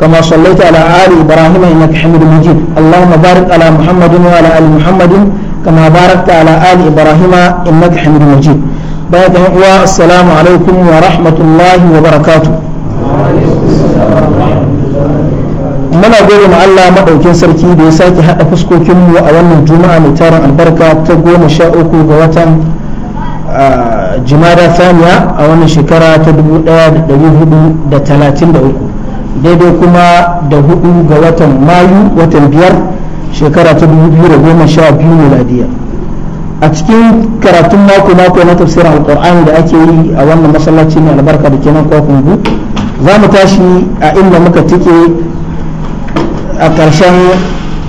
كما صليت على آل إبراهيم إنك حميد مجيد اللهم بارك على محمد وعلى آل محمد كما باركت على آل إبراهيم إنك حميد مجيد بعد السلام عليكم ورحمة الله وبركاته muna gode ma Allah madaukin sarki da ya sake haɗa fuskokinmu a wannan juma'a mai tarin albarka ta goma sha uku ga watan jimada saniya a wannan shekara ta da uku daidai kuma da hudu ga watan mayu watan biyar shekara ta dubu biyu da goma sha biyu miladiya a cikin karatun mako mako na tafsirin alkur'ani da ake yi a wannan masallaci mai albarka da kenan kwakungu za mu tashi a inda muka tike a ƙarshen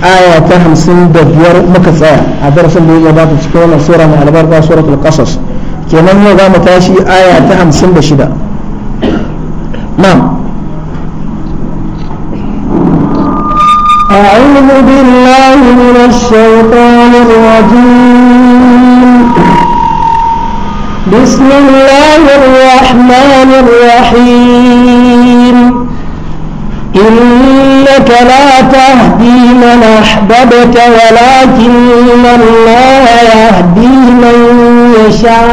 aya ta hamsin da biyar muka tsaya a darasin da ya gabata cikin wannan sura mai albarka suratul qasas kenan yau za mu tashi aya ta hamsin da shida na'am أعوذ بالله من الشيطان الرجيم بسم الله الرحمن الرحيم إنك لا تهدي من أحببت ولكن الله يهدي من يشاء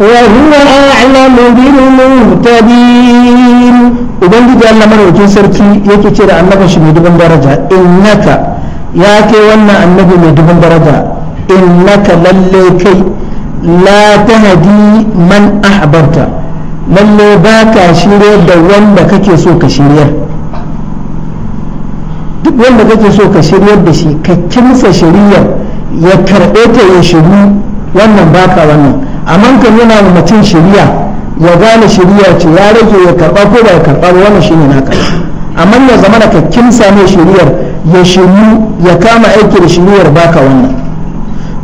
وهو أعلم بالمهتدين idan ubangiji Allah maraukin sarki yake ce da annabin shi mai dubin daraja innaka ya kai wannan annabi mai dubin daraja innaka lalle kai la tahdi man ahbarta lalle ba ka shirye da wanda kake so ka shiryar duk wanda kake so ka shiryar da shi ka kimsa shiriyar ya karɓe ta ya shiru wannan baka wannan amma kan yana mutum shiriya ya gane shari'a ce ya rage ya karɓa ko ba ya karɓa ba wannan shine naka amma ya zama da kakkin same shari'ar ya shiru ya kama aiki da shari'ar baka wannan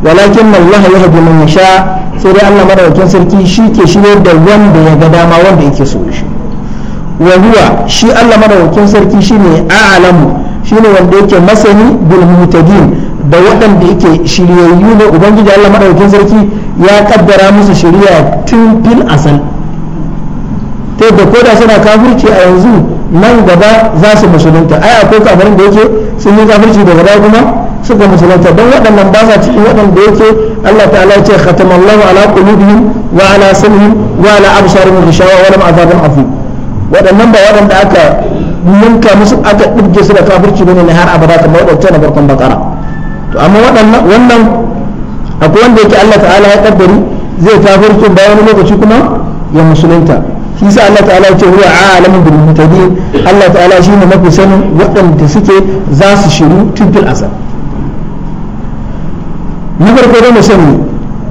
walakin Allah ya hadi man yasha sai dai Allah madaukakin sarki shi ke da wanda ya ga dama wanda yake so shi wa huwa shi Allah madaukakin sarki shine a'lamu shine wanda yake masani bil da waɗanda yake shiryayyu ne ubangiji Allah madaukakin sarki ya kaddara musu shari'a tun fil asal ta yadda ko da suna kafirci a yanzu nan gaba za su musulunta ai akwai kafirin da yake sun yi kafirci daga baya kuma suka musulunta don waɗannan ba sa cikin waɗanda yake Allah ta'ala ya ce khatamallahu ala qulubihim wa ala sam'ihim wa ala absarihim ghishawa wa lam azabun afi waɗannan ba waɗanda aka ninka musu aka ɗirge su da kafirci bane ne har abada kamar waɗancan na farkon bakara to amma waɗannan wannan akwai wanda yake Allah ta'ala ya kaddari zai kafircin bayan wani lokaci kuma ya musulunta shi sa Allah ta'ala ce huwa alamin bil mutadin Allah ta'ala shine mafi sanin waɗanda suke za su shiru tuntun asar na farko da sani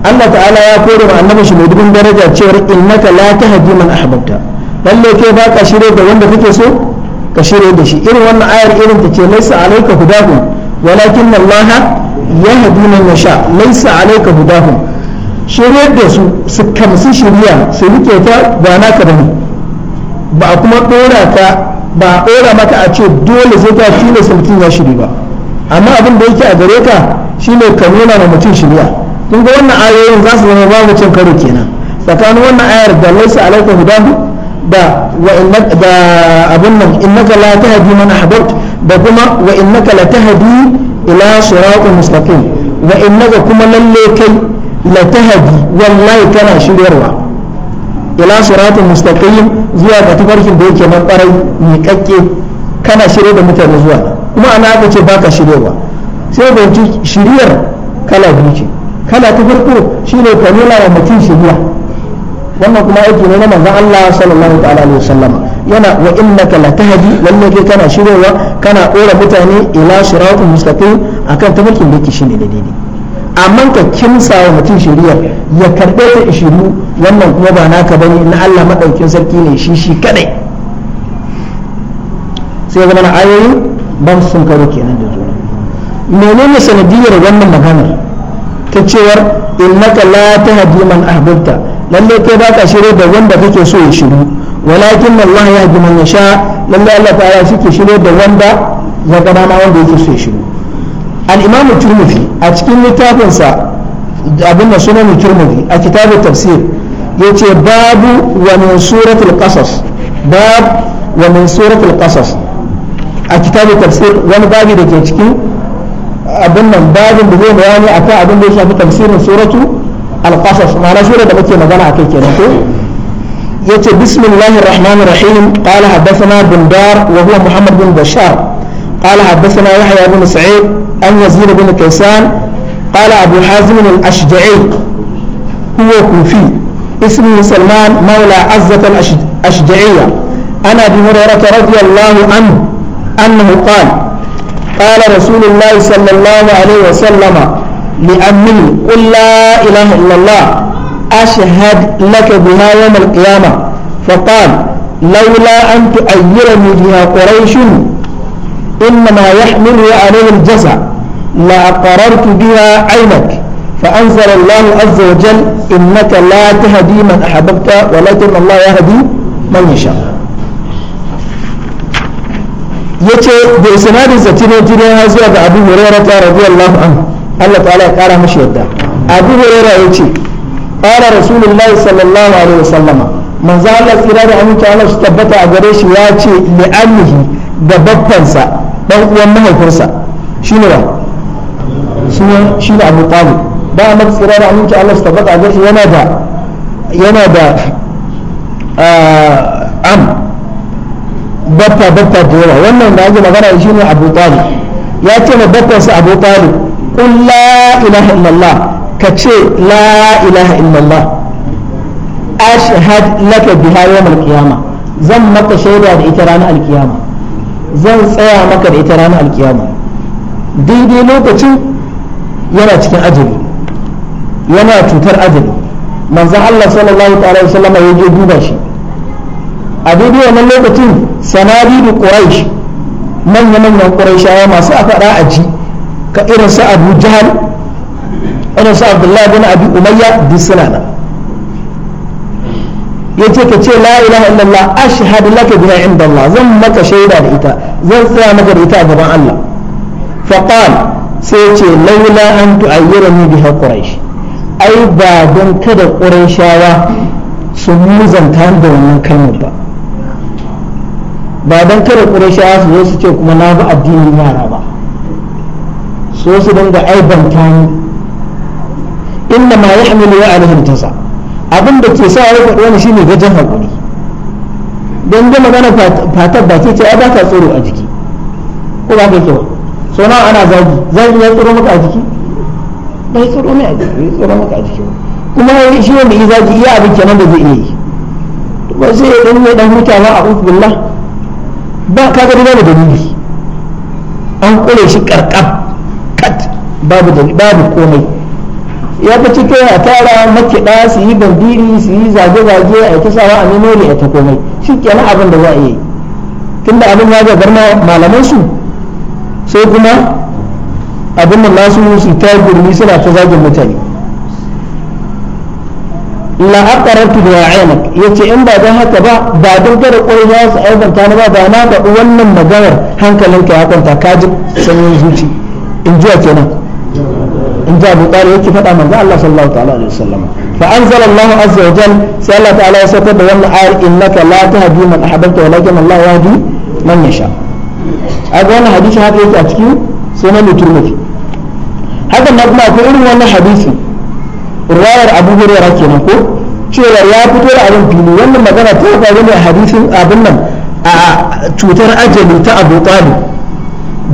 Allah ta'ala ya kore wa annabi shi mai dubin daraja cewar innaka la tahdi man ahbabta lalle kai ba ka shirye da wanda kake so ka shirye da shi irin wannan ayar irin ta ce laisa alayka hudahum walakin Allah yahdi man yasha laisa alayka hudahum shiryar da su su kamsu shirya su rike ta ba naka bane ba kuma dora ta ba dora maka a ce dole sai ka tilasta mutum ya shiri ba amma abin da yake a gare ka shine ka nuna ma mutum shirya kun ga wannan ayoyin za su zama babu cin karo kenan tsakanin wannan ayar da laisa alaika hudahu da wa da abin nan innaka la tahdi man ahbabt da kuma wa innaka la tahdi ila siratin mustaqim wa innaka kuma lalle kai la tahdi wallahi kana shiryarwa ila siratul mustaqim zuwa ga tafarkin da yake nan ƙarai miƙaƙƙe kana shirye da mutane zuwa kuma ana aka ce baka shiryarwa sai da ci shiryar kala biyu ce kala ta farko shine ka nuna wa mutum shiriya wannan kuma aiki ne na manzon Allah sallallahu alaihi wasallama yana wa innaka latahdi lalle kai kana shiryawa kana dora mutane ila siratul mustaqim akan tafarkin da yake shine da daidai amma ka kimsa wa mutum shari'a ya karɓe ta ishiru wannan kuma ba naka ne na Allah maɗaukin sarki ne shi shi kadai sai zama na ayoyi ban sun karo kenan da juna menene sanadiyar wannan maganar ta cewar innaka la tahdi man ahbabta lalle kai ba ka shirye da wanda kake so ya shiru walakin Allah ya hadi man yasha lalle Allah ta shi ke shirye da wanda ya ga wanda yake so ya shiru al-imamu turmufi a cikin littafinsa abin da sunan a kitabun tafsir ya ce babu wa min suratul qasas bab wa min suratul qasas a kitabun tafsir wani babi da ke cikin abin nan babin da zai bayani akan abin ya shafi tafsirin suratu al-qasas ma'ana sura da muke magana akai kenan ko yace rahim qala hadathana bundar wa muhammad bin bashar قال حدثنا يحيى بن سعيد أن يزيد بن كيسان قال أبو حازم الأشجعي هو كوفي اسمه سلمان مولى عزة الأشجعية عن أبي هريرة رضي الله عنه أنه قال قال رسول الله صلى الله عليه وسلم لأمني قل لا إله إلا الله أشهد لك بها يوم القيامة فقال لولا أن تؤيرني بها قريش إنما يحمل عليه الجزع لا قررت بها عينك فأنزل الله عز وجل إنك لا تهدي من أحببت ولكن الله يهدي من يشاء yace da isnadin sa cino jinin har zuwa ga Abu Hurairah ta radiyallahu anhu Allah ta'ala ya kara mashi yadda Abu ya ce qala Rasulullahi sallallahu alaihi wasallama manzo Allah tsira da aminta Allah su tabbata a gare shi ya ce li annihi da babbansa dan uwan mahaifinsa shine ba shine shine Abu Talib ba a mata tsira da aminci Allah su tabbata a gashi yana da yana da ah, am batta batta da yawa wannan da ake magana shi ne Abu Talib ya ce ma battansa Abu Talib kun la ilaha illallah ka ce la ilaha illallah ashhad laka biha yawm al-qiyamah zan maka shaida da ita ranar al-qiyamah zan tsaya maka da ita ranar alkiyama daidai lokacin yana cikin ajali yana cutar ajali manzan Allah sallallahu ta'ala wa sallama ya je duba shi a daidai wannan lokacin sanadidu quraish manya-manyan quraishawa masu aka a ji ka irin su abu jahal irin su abdullahi bin abi umayya duk suna nan yace ka ce la ilaha illallah ashhadu laka biha inda Allah zan maka shaida da ita zan tsaya maka da ita a gaban Allah fa sai yace laula an tu'ayyirani biha quraish ai ba don kada qurayshawa su muzanta da wannan kalmar ba ba don kada qurayshawa su zo su ce kuma na bi addinin yara ba so su dinga aibanta ni inna ma yahmilu wa alaihim tasa' abin da ke sa ya rufe wani shine gajen haƙuri don da magana fatar da ce ai ba ta tsoro a jiki ko ba ka kyau so na ana zagi zagi ya tsoro maka a jiki bai tsoro ne a jiki ya tsoro maka a jiki kuma shi wanda yi zagi iya abin kenan da zai iya yi ba zai ya ɗan mai ɗan hutawa a uku bulla? ba ka ga da dalili an kure shi ƙarƙar kat babu babu komai ya fi cike a tara makiɗa su yi bandiri su yi zage-zage a yi sawa a memori a ta komai shi kenan abin da za a yi tunda abin ya gabar na malaman su sai kuma abin da nasu su ta gurmi suna ta zagin mutane la aqaratu bi ya yace in ba dan haka ba ba dan kada kwai za su aibanta na ba da na da wannan maganar hankalinka ya kwanta ka ji sanyin zuci in ji kenan in abu ɗari yake faɗa manzo Allah sallallahu ta'ala alaihi wasallam fa anzala Allah azza wa jal sai Allah ta'ala ya saukar da wannan ayar innaka la tahdi man ahbabta walakin Allah yahdi man yasha a ga wannan hadisi haka yake a cikin sunan turmiji haka na kuma akwai irin hadisi riwayar Abu Hurairah kenan ko cewa ya fito da abin fili wannan magana ta faru ne a a cutar ajali ta Abu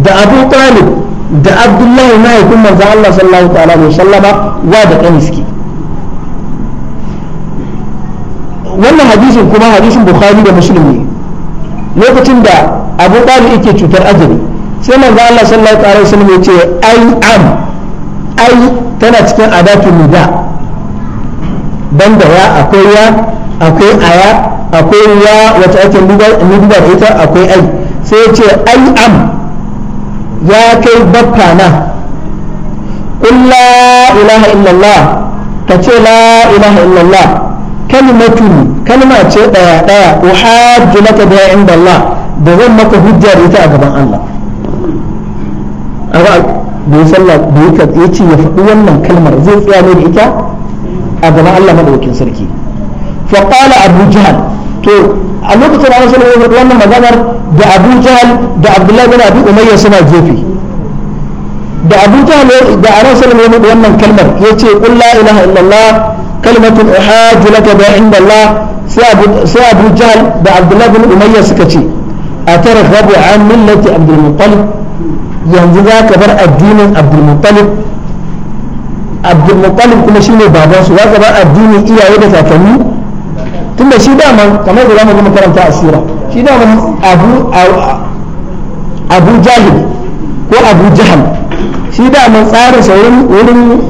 da Abu da abdullahi mahaifin manzan Allah sallallahu ta'ala alaihi sallama wa da iski wannan hadisin kuma hadisin bukhari da muslim ne lokacin da abu ɗari yake cutar ajali sai za Allah sallallahu ta'ala alaihi sallama ya ce ai am ai tana cikin adatun nida banda ya akwai ya akwai aya akwai ya wata ake nida ita akwai ai sai ya ce ai am ya kai bakkana Qul la ilaha illallah ka ce la ilaha illallah kalimatu kalma ce daya daya uhajju laka bi indallah da zan maka hujja da a gaban Allah zai tsaya ne da ita a Allah madaukin sarki fa qala abu a lokacin ranar sulhu ya wannan maganar da abu jahal da abdullahi bin abu umayya suna gefe da abu jahal da aran sulhu ya wannan kalmar ya ce qul la ilaha illallah kalmatun uhajju laka da inda allah sai abu jahal da abdullahi bin umayya suka ce a targhabu an millati abdul muttalib yanzu za ka bar addinin abdul muttalib abdul muttalib kuma shine babansu za ka bar addinin iyaye da kakanni tunda shi daman kamar da zamu karanta a sura shi daman abu abu jahil ko abu jahal shi daman tsarin sa wurin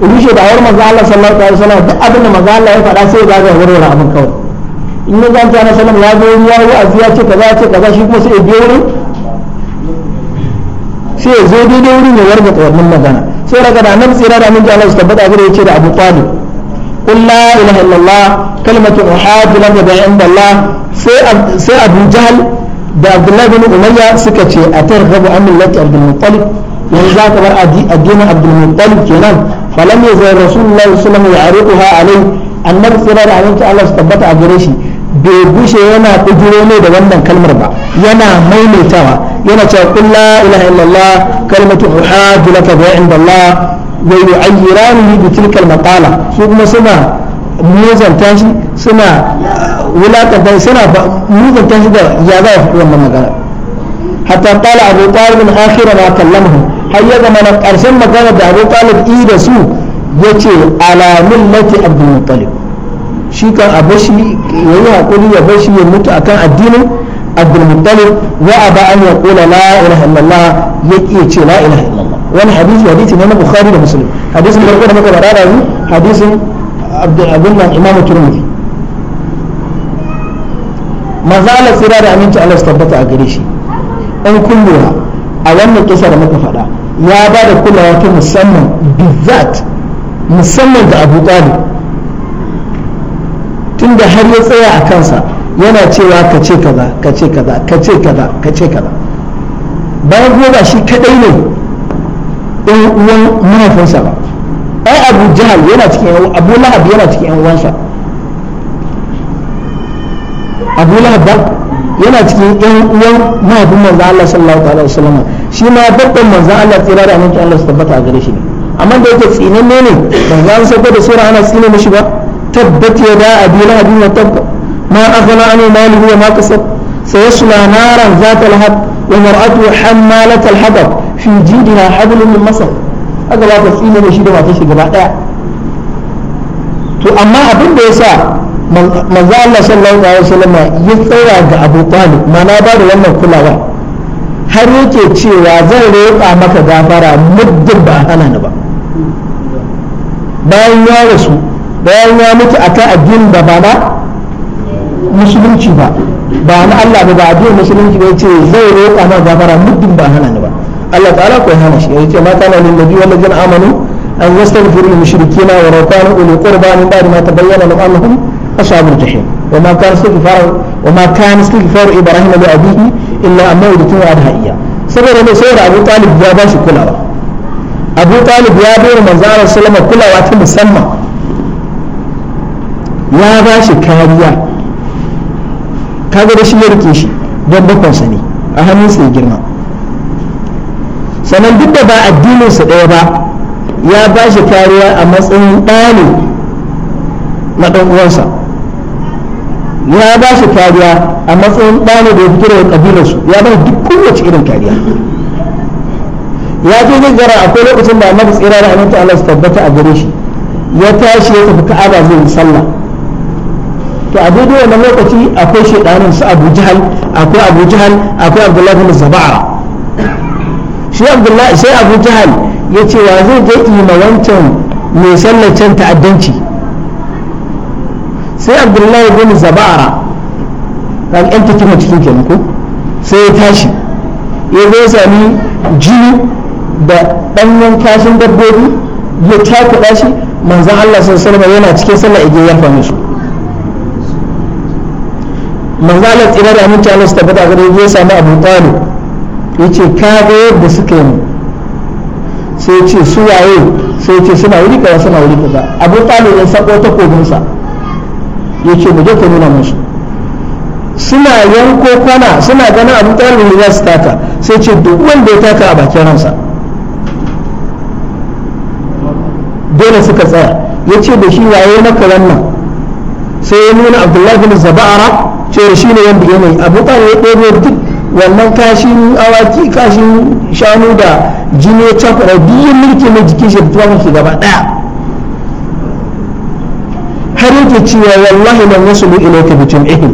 rushe da hawar manzo Allah sallallahu alaihi wasallam duk abin da manzo Allah ya faɗa sai ya ga warware abin kawai in ya zanta na sallam ya zo ya yi aziya ce kaza ce kaza shi kuma sai ya biyo wurin sai ya zo daidai wurin ya warga wannan magana sai daga da nan tsira da mun ji Allah su tabbata gare ya ce da Abu Talib قل لا إله إلا الله كلمة أحاد لك عند الله سي أبو جهل da Abdullahi bin Umayya suka ce a targhabu an millati Abdul Muttalib yanzu za ka bar addinin Abdul kenan falam zai Rasulullahi sallallahu alaihi wasallam ya'riquha alai annabi sallallahu alaihi wasallam Allah tabbata a gare shi bai gushe yana kujiro ne da wannan kalmar ba yana maimaitawa yana cewa qul la ilaha illallah kalmatu uhadu laka bi indallah wa yu'ayyiranihi bi tilkal maqala su kuma suna muzanta shi ya za a faɗi wannan magana hatta qala abu talib akhir ma kallamahu har ya zama na ƙarshen da abu talib da su yace ala millati abdul shi kan abashi ya yi haƙuri ya bashi ya mutu akan addinin abdul muttalib wa aba an yaqula la ilaha illallah ce la ilaha illallah wani hadisi hadisi ne na bukhari da muslim hadisin farko da muka bara rayu hadisin abdul nan imam turmudi mazalar tsira da aminci Allah su tabbata a gare shi in kun a wannan kisa da muka faɗa ya ba da kulawa ta musamman bizat musamman da abu talib tunda har ya tsaya a kansa yana cewa ka ce kaza ka ce kaza ka ce kaza ka ce kaza bayan kuma ba shi kadai ne ɗan uwan mahaifinsa ba ai abu jahal yana cikin abu lahab yana cikin yan uwansa abu lahab yana cikin yan uwan mahaifin manzo Allah sallallahu alaihi wasallam shi ma babban manzo Allah tsira da aminci Allah su tabbata a gare shi ne amma da yake tsinan ne ne manzo an sauko da sura ana tsine mishi ba tabbat ya da abi lahab wa tabb ma aghna an malihi wa ma kasab sayasla naran zata lahab ومرأته حمالة الحطب في جيدها حبل من مصر haka ba ta tsine da shi da matar shi gaba daya to amma abin da yasa manzo Allah sallallahu alaihi wasallam ya tsaya ga Abu Talib mana ba da wannan kulawa har yake cewa zan roƙa maka gafara ba ba bayan ya rasu bayan ya mutu akan addinin da ba na musulunci ba ba na Allah ba ba addinin musulunci ba ce zai roƙa ma gafara muddin ba hana ni ba Allah ta'ala ko hana shi yace ma kana lin nabi wal ladina amanu an yastaghfiru lil mushrikeena wa law kanu uli ba min ba'di ma tabayyana lahum annahum ashabul jahim wa ma kana istighfaru wa ma kana istighfaru ibrahim li abihi illa an mawdatu adhaiya saboda ne saboda Abu Talib ya ba shi kulawa Abu Talib ya bayar manzo Allah sallama kulawa ta musamman ya ba shi kariya kaga da shi ya rike shi don bakwansa ne a hannunsa ya girma sannan duk da ba addininsa ɗaya ba ya ba shi kariya a matsayin ɗani na ɗan uwansa ya ba shi kariya a matsayin ɗani da ya fito daga ƙabilarsu ya ba duk kowace irin kariya ya je zai gara akwai lokacin da annabi tsira da aminta Allah su tabbata a gare shi ya tashi ya tafi ka'aba zai sallah to a daidai wannan lokaci akwai shaidanin su abu jihal akwai abu jihal akwai abdullahi bin zaba'a shi abdullahi sai abu jihal ya ce wa zai je ima wancan mai sallacen ta'addanci sai abdullahi bin zaba'a kan yan kuma cikin kenan ko sai ya tashi ya zo sami jini da ɗanyen kashin dabbobi ya takuɗa shi manzan allah sallallahu alaihi wasallam yana cikin sallah igiyar fahimsu manzo Allah tsira da aminci Allah su tabbata gare ya samu Abu Talib yace ka ga yadda suka yi sai ce su waye sai ce suna wuri kaza suna wuri kaza Abu Talib ya sako takobin sa yace mu je ka nuna musu suna yanko kwana suna ganin Abu Talib da za su taka sai ce duk wanda ya taka a bakin ransa dole suka tsaya ya ce da shi waye maka wannan sai ya nuna abdullahi bin zaba'ara cewa shi ne wanda yanayi abu ɗan ya ɗebo duk wannan kashin awaki kashin shanu da jini ya cakwara biyan mulki mai jikin shi tuwa shi gaba ɗaya har yake cewa wallahi lan yasulu ilayka bi jam'ihi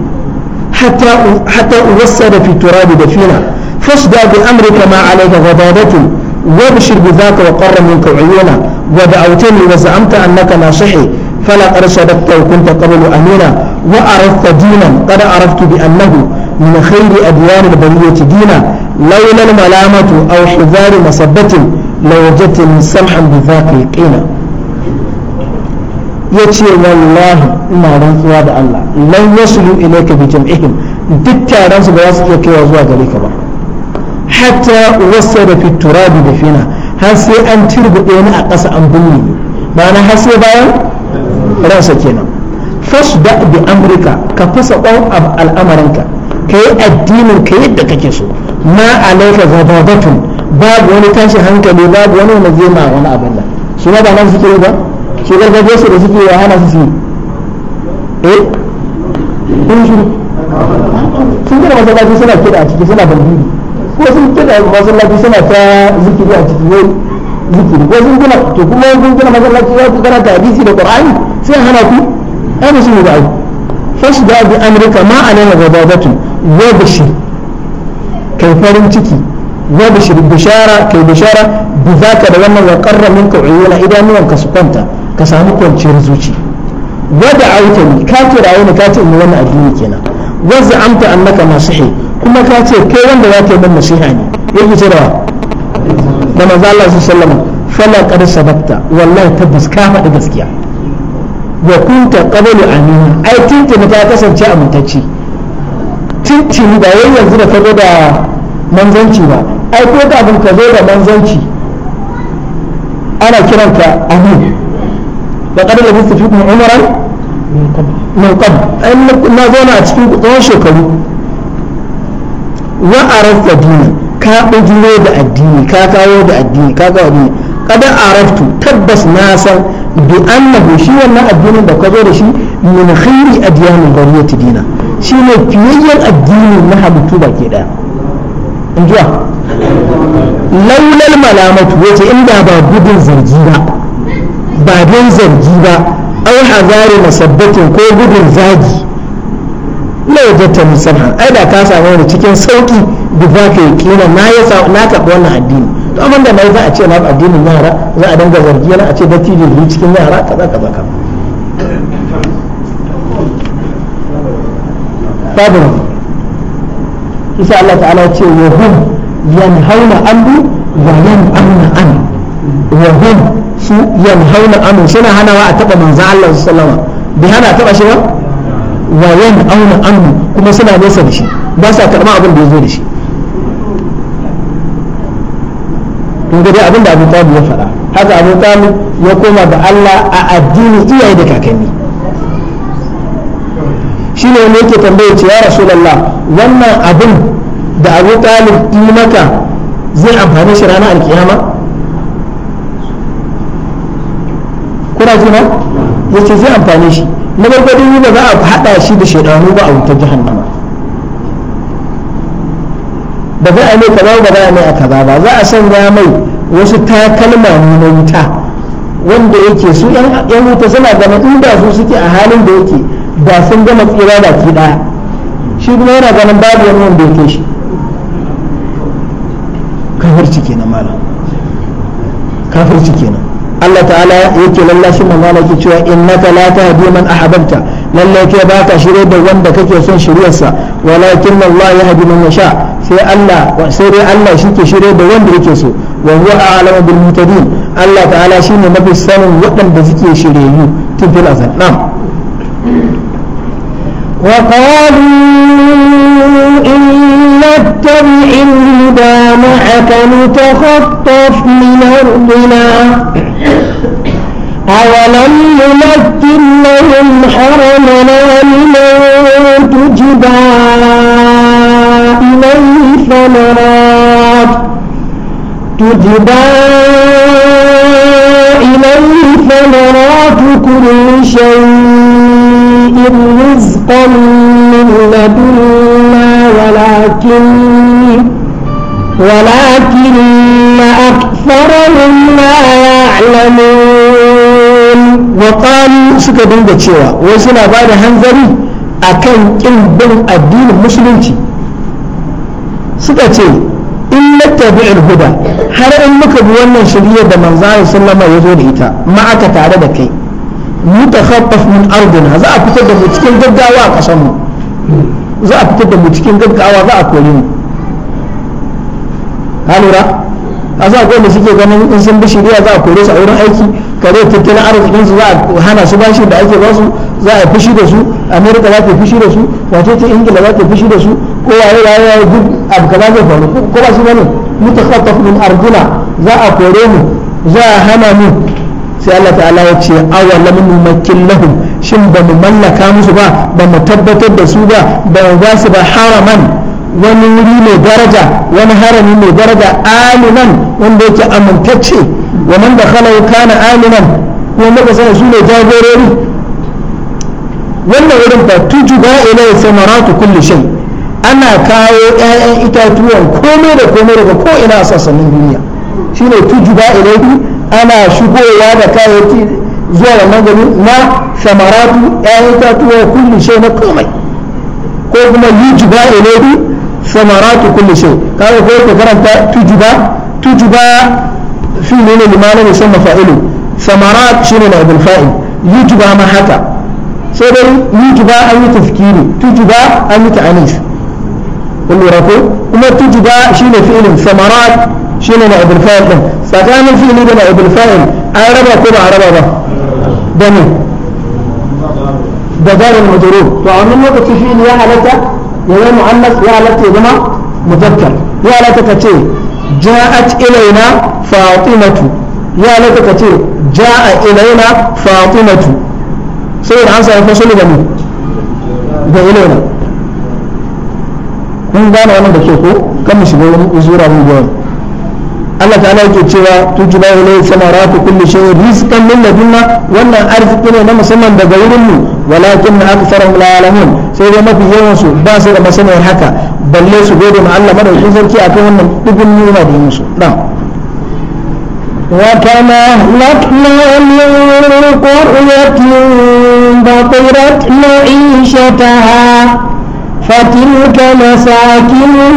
hatta hatta uwassada fi turabi da fina fasda bi amrika ma alayka ghadabatu وابشر بذاك وقر منك عيونا ودعوتني وزعمت انك ناصحي فلا قد وكنت قبل امينا وعرفت دينا قد عرفت بأنه من خير أديان البرية دينا لولا الملامة أو حذار مصبة لوجدتني سمحا بذاك يقينا yace wallahi ina rantsuwa da Allah lai yasulu ilayka bi jam'ihim dukkan su ba za su iya kaiwa zuwa gare ka ba hatta wasada fi turab da fina har sai an turbude ni a ƙasa an bulli ba na sai bayan ransa kenan fasda bi amrika ka fasa ƙwan al'amarinka ka yi addinin ka yadda kake so ma alaika zababatun babu wani tashi hankali babu wani wani zai ma wani abin nan su ba nan suke ba su gargajiya su da suke wa hana su eh? a ciki ko sun a ciki to kuma sun gina ya ku karanta hadisi da sai hana ku أنا شنو بعد فاشدى بأمرك ما عليها غضابة وبشر كيفرن تكي وبشر بشارة كي بشارة بذاك لما وقر منك عيونا إذا نوانك سكنت كسامك وانشير زوجي ودعوتني كاتر عيوني كاتر إن وانا أديني كنا وزعمت أنك ناصحي كما كاتر كي وانا ذاك من نصيحاني يجي ترى لما ذا الله صلى الله عليه وسلم فلا قد سبقت والله تبس كافة قد wa kunta qablu amina ai tintini ta kasance amintacce tintini ba wai yanzu da ka zo da manzanci ba ai ko kafin ka zo da manzanci ana kiranka amin da kada da musu fi umaran min ai na zauna a cikin tsawon shekaru wa arasta dini ka bujiro da addini ka kawo da addini ka kawo addini kada araftu tabbas na san bi annahu shi wannan addinin da ka zo da shi min khairi adyanin bariyati dina shi ne fiyayyen addini na halittu baki daya in jiwa laulal malamatu wace inda ba gudun zargi ba ba don zargi ba an hazari masabbatin ko gudun zagi Na yadda ta musamman ai da ka samu wani cikin sauki da za ka yi kila na karɓi wannan addini to amma da mai za a ce na addinin yara za a danga zargi yana a ce da tilin ne cikin yara kaza kaza ka babu isa Allah ta'ala ya ce wa hum yanhauna anhu wa yan'amna an wa hum su yanhauna anhu suna hanawa a taba manzo Allah sallallahu alaihi wasallam bai hana taba shi ba wa auna anhu kuma suna nesa da shi ba sa karɓa abin da yazo zo da shi ga dai abin da Abu Talib ya faɗa haka Abu Talib ya koma ga Allah a addini iyaye da kakanni shi ne wani yake tambaye ce ya Rasulullah wannan abin da Abu Talib yi maka zai amfani shi ranar alkiyama kuna jina ya ce zai amfani shi na farko dai ba za a haɗa shi da shaidanu ba a wutar jihannama ba za a mai ka ba za a ne a ba za a sanya mai wasu takalma na wuta wanda yake su yan wuta suna ganin inda su suke a halin da yake ba sun gama tsira da ke daya shi kuma yana ganin babu wani wanda yake shi kafirci kenan malam kafirci kenan Allah ta'ala yake mai mala ke cewa innaka la tahdi man ahbabta lalla ke ka shirye da wanda kake son shiryarsa walakin Allah ya hadi man yasha sai Allah sai dai Allah shi ke shirye da wanda yake so wa huwa a'lamu bil mutadin Allah ta'ala shine mafi sanin wadanda suke shiryayyu tun fil azal na'am وقالوا إن نتبع الهدى ma'aka نتخطف min ardina أولم يمكن لهم حرمنا لمن تجبى ثمرات تجبى إليه ثمرات كل شيء رزقا من لدنا ولكن ولكن أكثرهم لا يعلمون وقالوا سكبين بتشوى وسنا بعد هنزلي akan kin bin addinin musulunci suka ce in nattabi'ul huda har in muka bi wannan shirya da manzon sallama ya zo da ita ma aka tare da kai mutakhaffaf min ardina za a fitar da mu cikin gaggawa a kasan mu za a fitar da mu cikin gaggawa za a kore mu halura a za a kore suke ganin in sun bi shirya za a kore su a wurin aiki kare tattalin arzikin su za a hana su bashi da ake ba su za a fushi da su amerika za ta fushi da su wato ta ingila za ta fushi da su ko waye waye waye duk abu kaza zai faru ko ba shi bane mutakhattaf min ardina za a kore mu za a hana mu sai Allah ta'ala ya ce awalam numakkin lahum shin ba mu mallaka musu ba ba mu tabbatar da su ba ba mu ba su ba haraman wani wuri mai daraja wani harami mai daraja aminan wanda yake amintacce wa man dakhalahu kana aminan kuma muka sani su ne jagorori wannan wurin fa ya ilayhi samaratu kulli shay' ana kawo 'ya'yan itatuwan komai da komai daga ko ina sassanin duniya shine tujuba ilaihi ana shigowa da kayayyaki zuwa wannan gari na shamaratu 'ya'yan itatuwa kulli shay na komai ko kuma yujuba ilaihi shamaratu kulli shay kaga ko ka karanta tujuba tujuba fi ne limanin musamman fa'ilu shamarat shine na ibn fa'il yujuba ma haka sai dai yujuba an yi tafkiri tujuba an yi ta'anis كله رفو وما تجي دا شينا فعل ثمرات شينا نعب الفاعل ده فكان الفعل ده نعب الفاعل عربة كبع عربة ده دمي ده دار المجرور فعن الله كتفين يا علاك يا معنف يا علاك يا جماعة مذكر يا علاك كتير جاءت إلينا فاطمة يا علاك كتير جاء إلينا فاطمة سيد عنصر فصل دمي ده إلينا mun gane wannan da ke ko kan mu shiga wani uzura mun gane Allah ta'ala yake cewa tujba ilayhi samaratu kulli shay'in rizqan lil ladina wannan arziki ne na musamman daga wurin mu walakin aktharum la ya'lamun sai dai mafi yawan su ba su da masaniyar haka balle su gode ma Allah madaukakin sarki akan wannan dubin nuna da musu na'am وكما أهلكنا من قرية بطرت معيشتها فتلك مساكنهم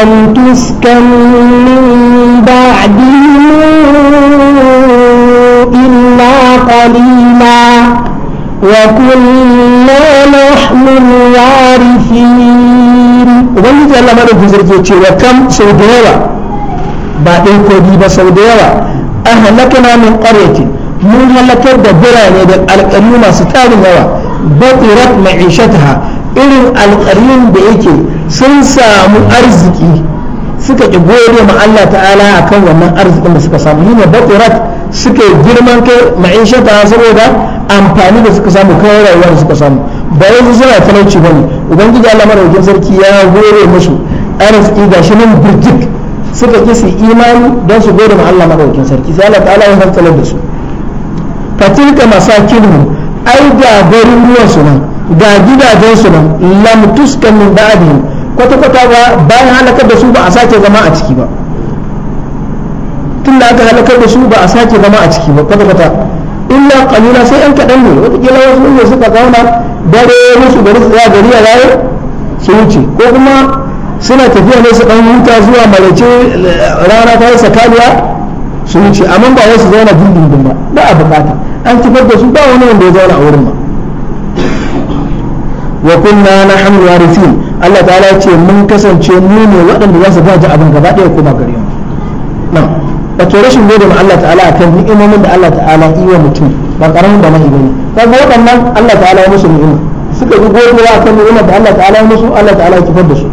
لم تسكن من بعدهم إلا قليلا وكنا نحن الوارثين وليد الله ما نبي زرجة وكم سودوا بعدين كودي بسودوا أهلكنا من قرية من هلكت ببراني بالألقاليوما ستالي هوا بطرت معيشتها irin alƙarin da yake sun samu arziki suka ƙi gode ma Allah ta'ala a kan wannan arzikin da suka samu shine bakurat suka yi girman kai ma'ishata saboda amfani da suka samu kawai rayuwa da suka samu ba yanzu suna talauci ba ne ubangiji Allah wajen sarki ya gore musu arziki shi nan birjik suka ƙi su imani don su gode ma Allah wajen sarki sai Allah ta'ala ya hankalar da su fatilka masakinmu ai ga garin ruwan su nan ga gidajen su nan lam tuskan min ba'dihim kwata kwata ba bayan halakar da su ba a sake zama a ciki ba tun da aka halakar da su ba a sake zama a ciki ba kwata kwata illa qalila sai an kadan ne wata kila wasu ne suka da dare musu gari su gari ya rayu su wuce ko kuma suna tafiya ne su dan huta zuwa malace rana ta yi sakaliya su wuce amma ba wasu zauna dindindin ba ba a bukata an kifar da su ba wani wanda ya zauna a wurin ba wa kunna nahnu warithin Allah ta'ala ya ce mun kasance mu ne waɗanda za su gaji abin gaba ɗaya kuma gare mu nan wato rashin gode ma Allah ta'ala akan ni'imomin da Allah ta'ala yi wa mutum ba karamin da mai gani kaga waɗannan Allah ta'ala ya musu ni'ima suka yi godewa akan ni'imar da Allah ta'ala ya musu Allah ta'ala ya kifar da su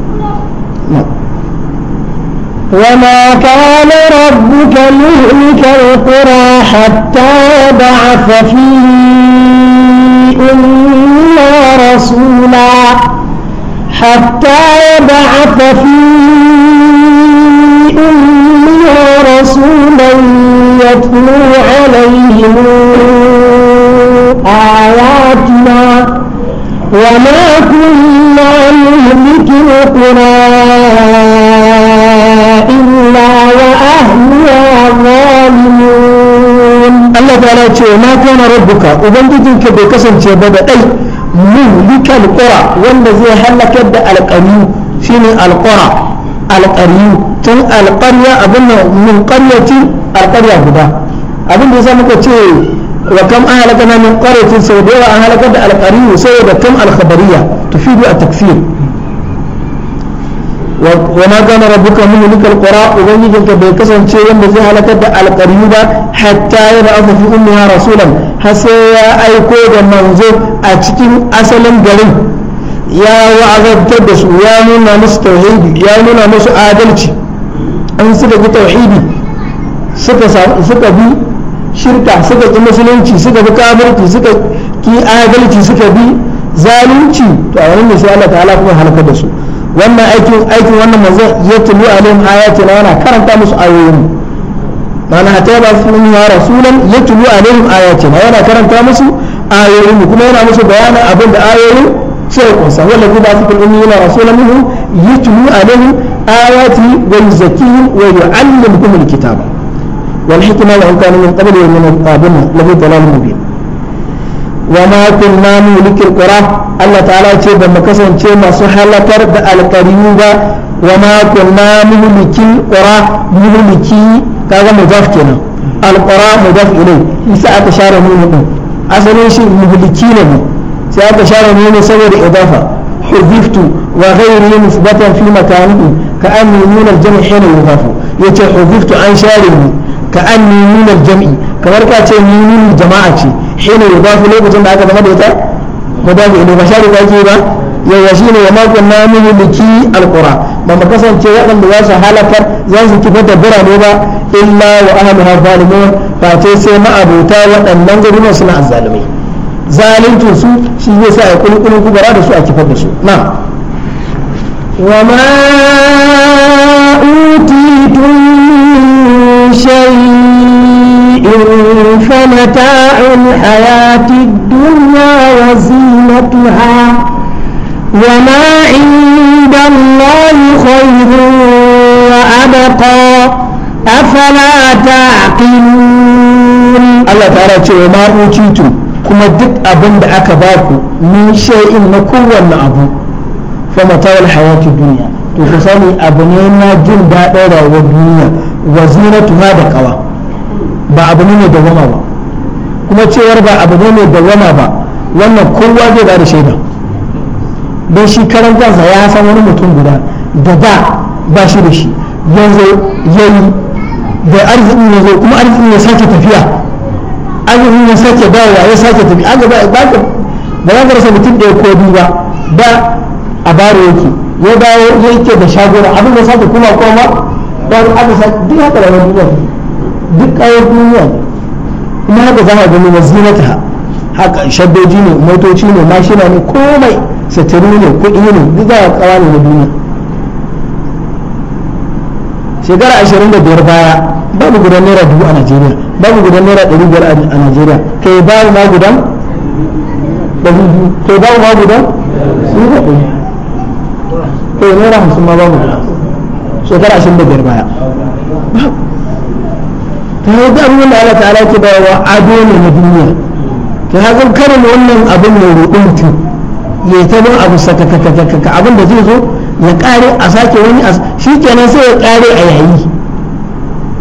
وما كان ربك ليهلك القرى حتى بعث فيه حتى يبعث في أمها رسولا يتلو عليهم آياتنا وما كنا نهلك القرى إلا وأهلها ظالمون الله تعالى ما كان ربك وبنتك بكسر جبل أي من مهلك القرى والذي هلك القريو شين القرى القريو تن القرية أبن من قرية القرية هدى أبن بزمك تي وكم أهلكنا من قرية سوداء أهلك القريو سوداء كم الخبرية تفيد التكفير وما كان ربك من ملك القرى وبين ذلك بيكس ان شيء بزي هلك القريب حتى يبعث في امها رسولا حسي يا ايكو ده منزل a cikin asalin garin ya wa'azantar da su ya nuna musu tauhidi ya nuna musu adalci an suka bi tauhidi suka bi shirka suka ki musulunci suka bi kafirci suka ki adalci suka bi zalunci to a wannan sai Allah ta'ala kuma halaka da su wannan aikin aikin wannan manzon ya tulu alaihim ayatina yana karanta musu ayoyin mana hatta ya basu min ya rasulan alaihim yana karanta musu ayoyin kuma yana musu bayanin abin da ayoyin sai kunsa wanda ku basu min ya rasulan minhum yatlu alaihim ayati wa yuzakkihim wa yu'allimuhum alkitaba wal hikma wa in kanu min qabli wa min qabla lahu dalalun mubin wa ma kunna qura Allah ta'ala ce ba mu kasance masu halakar da alqariyu ba wa ma kunna muhlikil qura muhliki kaga mudaf kenan al qura mudaf ilay isa aka share mu din asalin shi muhliki ne sai aka share mu nunu saboda idafa hudiftu wa ghayri musbatan fi makanihi ka anni nunu al jam'i hina yudafu yace hudiftu an share ni ka anni nunu al jam'i kamar ka ce ni nunu jama'a ce hina yudafu lokacin da aka zama da ita mudaf ilay ba share ta ke ba ya shine wa ma kunna muhliki al qura ba mu kasance waɗanda za su halakar za su kifar da birane ba illa wa ahliha zalimun ba ce sai ma'abuta waɗannan garuruwan suna azzalumai zaluncin su shi zai sa kuli kuli kubara da su a kifar da su na wa ma utitun shay'in fa mata'ul hayatid dunya wa zinatuha wa ma الله خير وأبقى أفلا تعقلون الله تعالى وما أوتيتم كما دك أبن أكباكم من شيء نكوى أبو فمتاع الحياة الدنيا تفصلي أبنينا جن دائرة والدنيا وزينة هذا كوا ba abu ne mai dawama ba kuma cewar ba abu ne mai dawama ba wannan kowa zai ba da shaida don shi karan kansa ya san wani mutum guda da da ba shi da shi yanzu yayi da arzikin yanzu kuma arzikin ya sake tafiya arzikin ya sake dawowa ya sake tafiya an gaba ba ka ba za ka rasa mutum ɗaya ko biyu ba da a baro yake ya dawo ya yake da shagora abin da sake kuma koma ka aka sa duk haka da wani duniya duk kayan duniya kuma haka za a gani na zinata haka shaddoji ne motoci ne mashina ne komai saturu ne kuɗi ne duk za a kawa ne na duniya shekara ashirin da biyar baya babu gudan naira dubu a najeriya babu gudan naira ɗari biyar a najeriya kai babu ma gudan ɗari biyu kai babu ma gudan naira ɗari kai naira hamsin ma babu shekara ashirin da biyar baya ta yi da abubuwan da Allah ta'ala ke bayarwa ado ne na duniya ta hazin karin wannan abin mai roɗin mutum ya ta bin abu sakakakakaka abin da zai zo ya kare a sake wani a shi kenan sai ya kare a yayi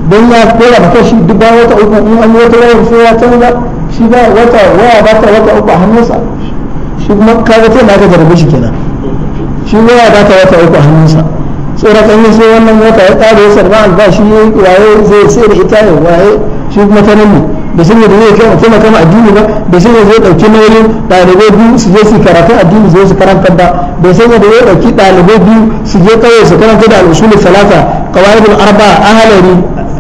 don ya kora ba shi duk ba wata uku in an wata wayar sai ya canza shi ba wata waya ba ta wata uku a hannunsa shi kuma kaga ta da ka jarabe shi kenan shi waya ba ta wata uku a hannunsa tsoratan ya sai wannan wata ya kare ya sarba albashi ya yi waye zai sai da ita ya waye shi kuma ta nan ne bai sanya da zai kai taimaka ma addini ba bai sanya da zai dauki nauyin dalibai biyu su je su karatu addini su je su karanta ba bai da zai dauki dalibai biyu su je kawai su karanta da al'usulul salata qawaidul arba ahlari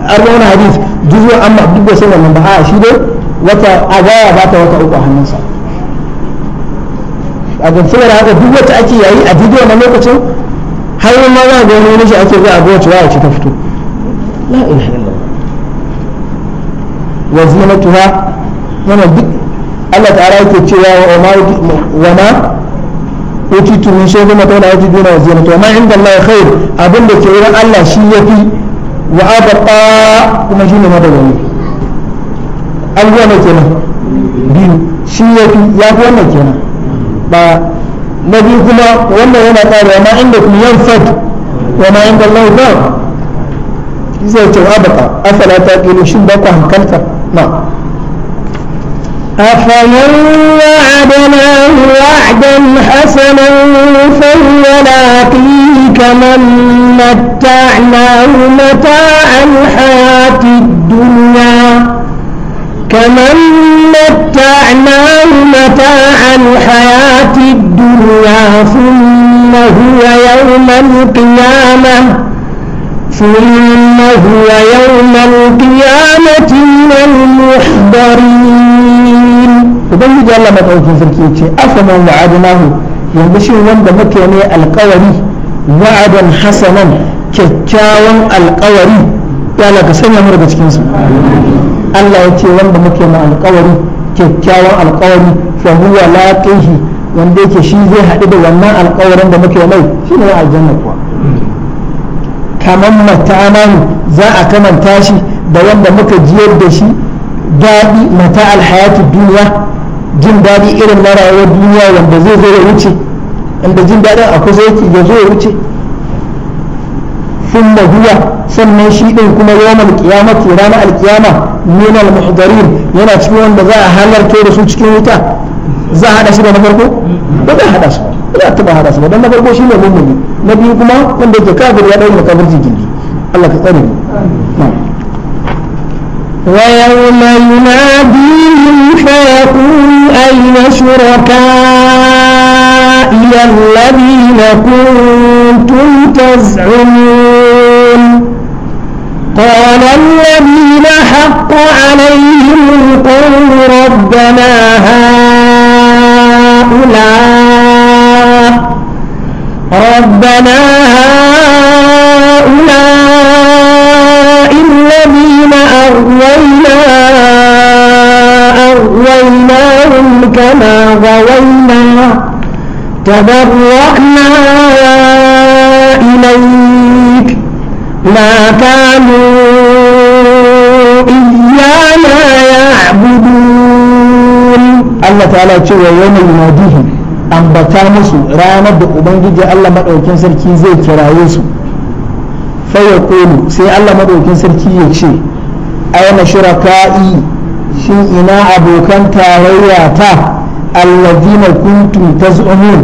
arba'un hadith juzu amma duk bai sanya ba a shi dai wata agaya ba ta wata uku hannunsa a haka duk wata ake yayi a bidiyo na lokacin har ma za a ga wani shi ake ga ya ci ta fito la ilaha wa zinatuha yana duk Allah ta'ala yake cewa wa ma wa ma utitu min shay'in ma ta'ala yajiduna wa zinatuha ma inda Allah khair abin da ke wurin Allah shi yafi wa abqa kuma shi ne shine madawami abubuwa ne kenan biyu shi yafi yafi wannan kenan ba na biyu kuma wannan yana ƙara ma inda kun yan fat wa ma inda Allah ba zai ce wa abaka afala ta ƙilu shin ba ku hankalta نعم أفمن وعدناه وعدا حسنا فهو لاقيه كمن متعناه متاع الحياة الدنيا كمن متعناه متاع الحياة الدنيا ثم هو يوم القيامة ثم هو يوم madaukin sarki ya ce afaman wa'adnahu yanzu shi wanda muke ne alkawari wa'adan hasanan kyakkyawan alkawari ya la sanya mu daga cikin su Allah ya ce wanda muke ma alkawari kyakkyawan alkawari fa huwa laqihi wanda yake shi zai haɗu da wannan alkawarin da muke mai shi ne aljanna kuwa kamar mata'amani za a kamanta shi da wanda muka jiyar da shi daɗi mata alhayatu duniya jin daɗi irin na rayuwar duniya wanda zai zo ya wuce inda jin daɗin a kusa yake ya zo ya wuce sun هو sannan shi ɗin kuma yawan alkiyamati ranar alkiyama nuna al-muhdarin yana cikin wanda za a halarto da su cikin wuta za a haɗa shi da na farko ba zai hada su ba za a taba hada su ba don na farko shi ne mummuni na biyu kuma wanda yake kafir ya ɗaura kafirci gindi Allah ka tsare mu ويوم يناديهم فيقول أين شركائي الذين كنتم تزعمون قال الذين حق عليهم القول ربنا هؤلاء ربنا غويناهم كما غوينا تبرأنا إليك ما كانوا إيانا يعبدون الله تعالى تشوى يوم يناديهم ambata musu ranar da ubangiji Allah maɗaukin sarki zai kiraye su faya kolu sai Allah maɗaukin sarki ya ce aina shuraka'i shin ina abokan tarayya ta allazina kuntum taz'umun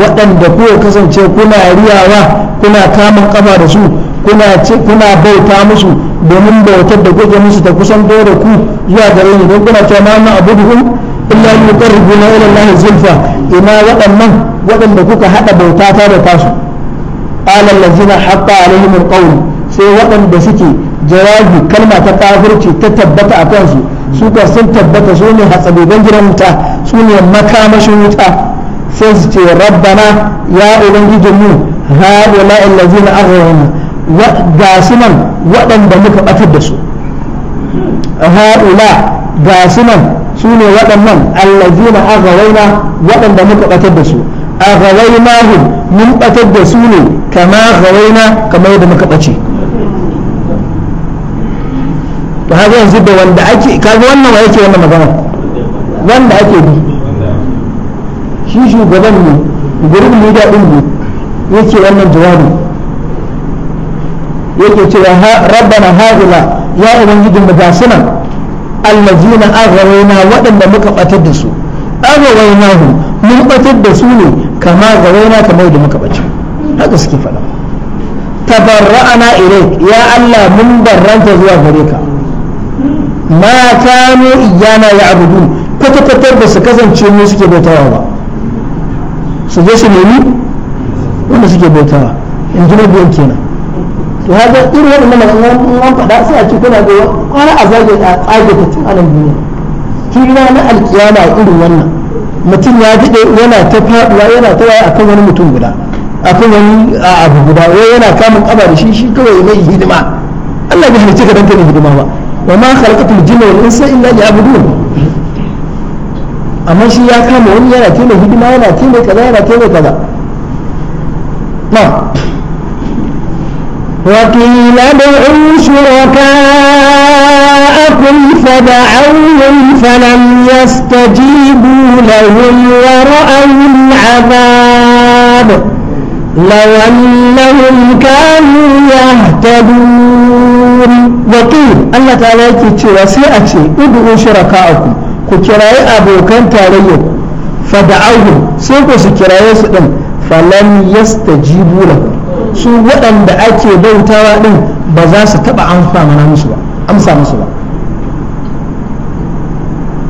waɗanda kuka kasance kuna riyawa kuna kamun kafa da su kuna ce kuna bauta musu domin bautar da kuke musu ta kusan dore ku zuwa gare ni don kuna cewa ma na abuduhum illa yuqarribuna ila Allah zulfa ina waɗannan waɗanda kuka hada bauta ta da tasu qala allazina hatta alaihim alqawl sai waɗanda suke jawabi kalma ta kafirci ta tabbata a kansu su ka sun tabbata su ne hatsabiban gidan wuta su ne makamashin wuta sai su ce rabbana ya ubangijin mu haɗula illazina aghrana ga su nan waɗanda muka batar da su haɗula ga su nan su ne waɗannan allazina aghrana waɗanda muka batar da su aghrana mun batar da su ne kama aghrana kamar yadda muka bace to haka yanzu da wanda ake kaga wannan wa yake wannan magana wanda ake bi shi shugaban ne gurin media din ne yake wannan jawabi yake cewa rabbana hadila ya ubangijin mu ga sunan allazina aghwayna waɗanda muka batar da su aghwayna mun batar da su ne kama gawaina kamar da muka bace haka suke faɗa tabarra'ana ilai ya Allah mun barranta zuwa gare ka ma kanu iyana ya abudu kwata-kwata ba su kasance mu suke bautawa ba su je su nemi wanda suke bautawa in ji mabiyan kenan to haka irin waɗannan maganganun an faɗa sai a ce kuna ga wani a zage a tsage ta tun anan duniya hira na alkiyama irin wannan mutum ya daɗe yana ta faɗuwa yana ta waya akan wani mutum guda akan wani abu guda wai yana kamun kaba da shi shi kawai mai hidima Allah bai halicci ka dan kai hidima ba وما خلقت الجن والإنس إلا ليعبدون اما shi ya kama wani yana taimai hidima yana taimai kaza yana taimai kaza وقيل ادعوا شركاءكم فدعوهم فلم يستجيبوا لهم ورأوا العذاب لو أنهم كانوا يهتدون wakil Allah ta ta'ala yake cewa sai a ce in ud'u shuraka'aku ku kiraye abokan tarayya fada'ahu sai ku su kiraye su din yasta yastajibu lahu su waɗanda ake bautawa din ba za su taba amsa mana musu ba amsa musu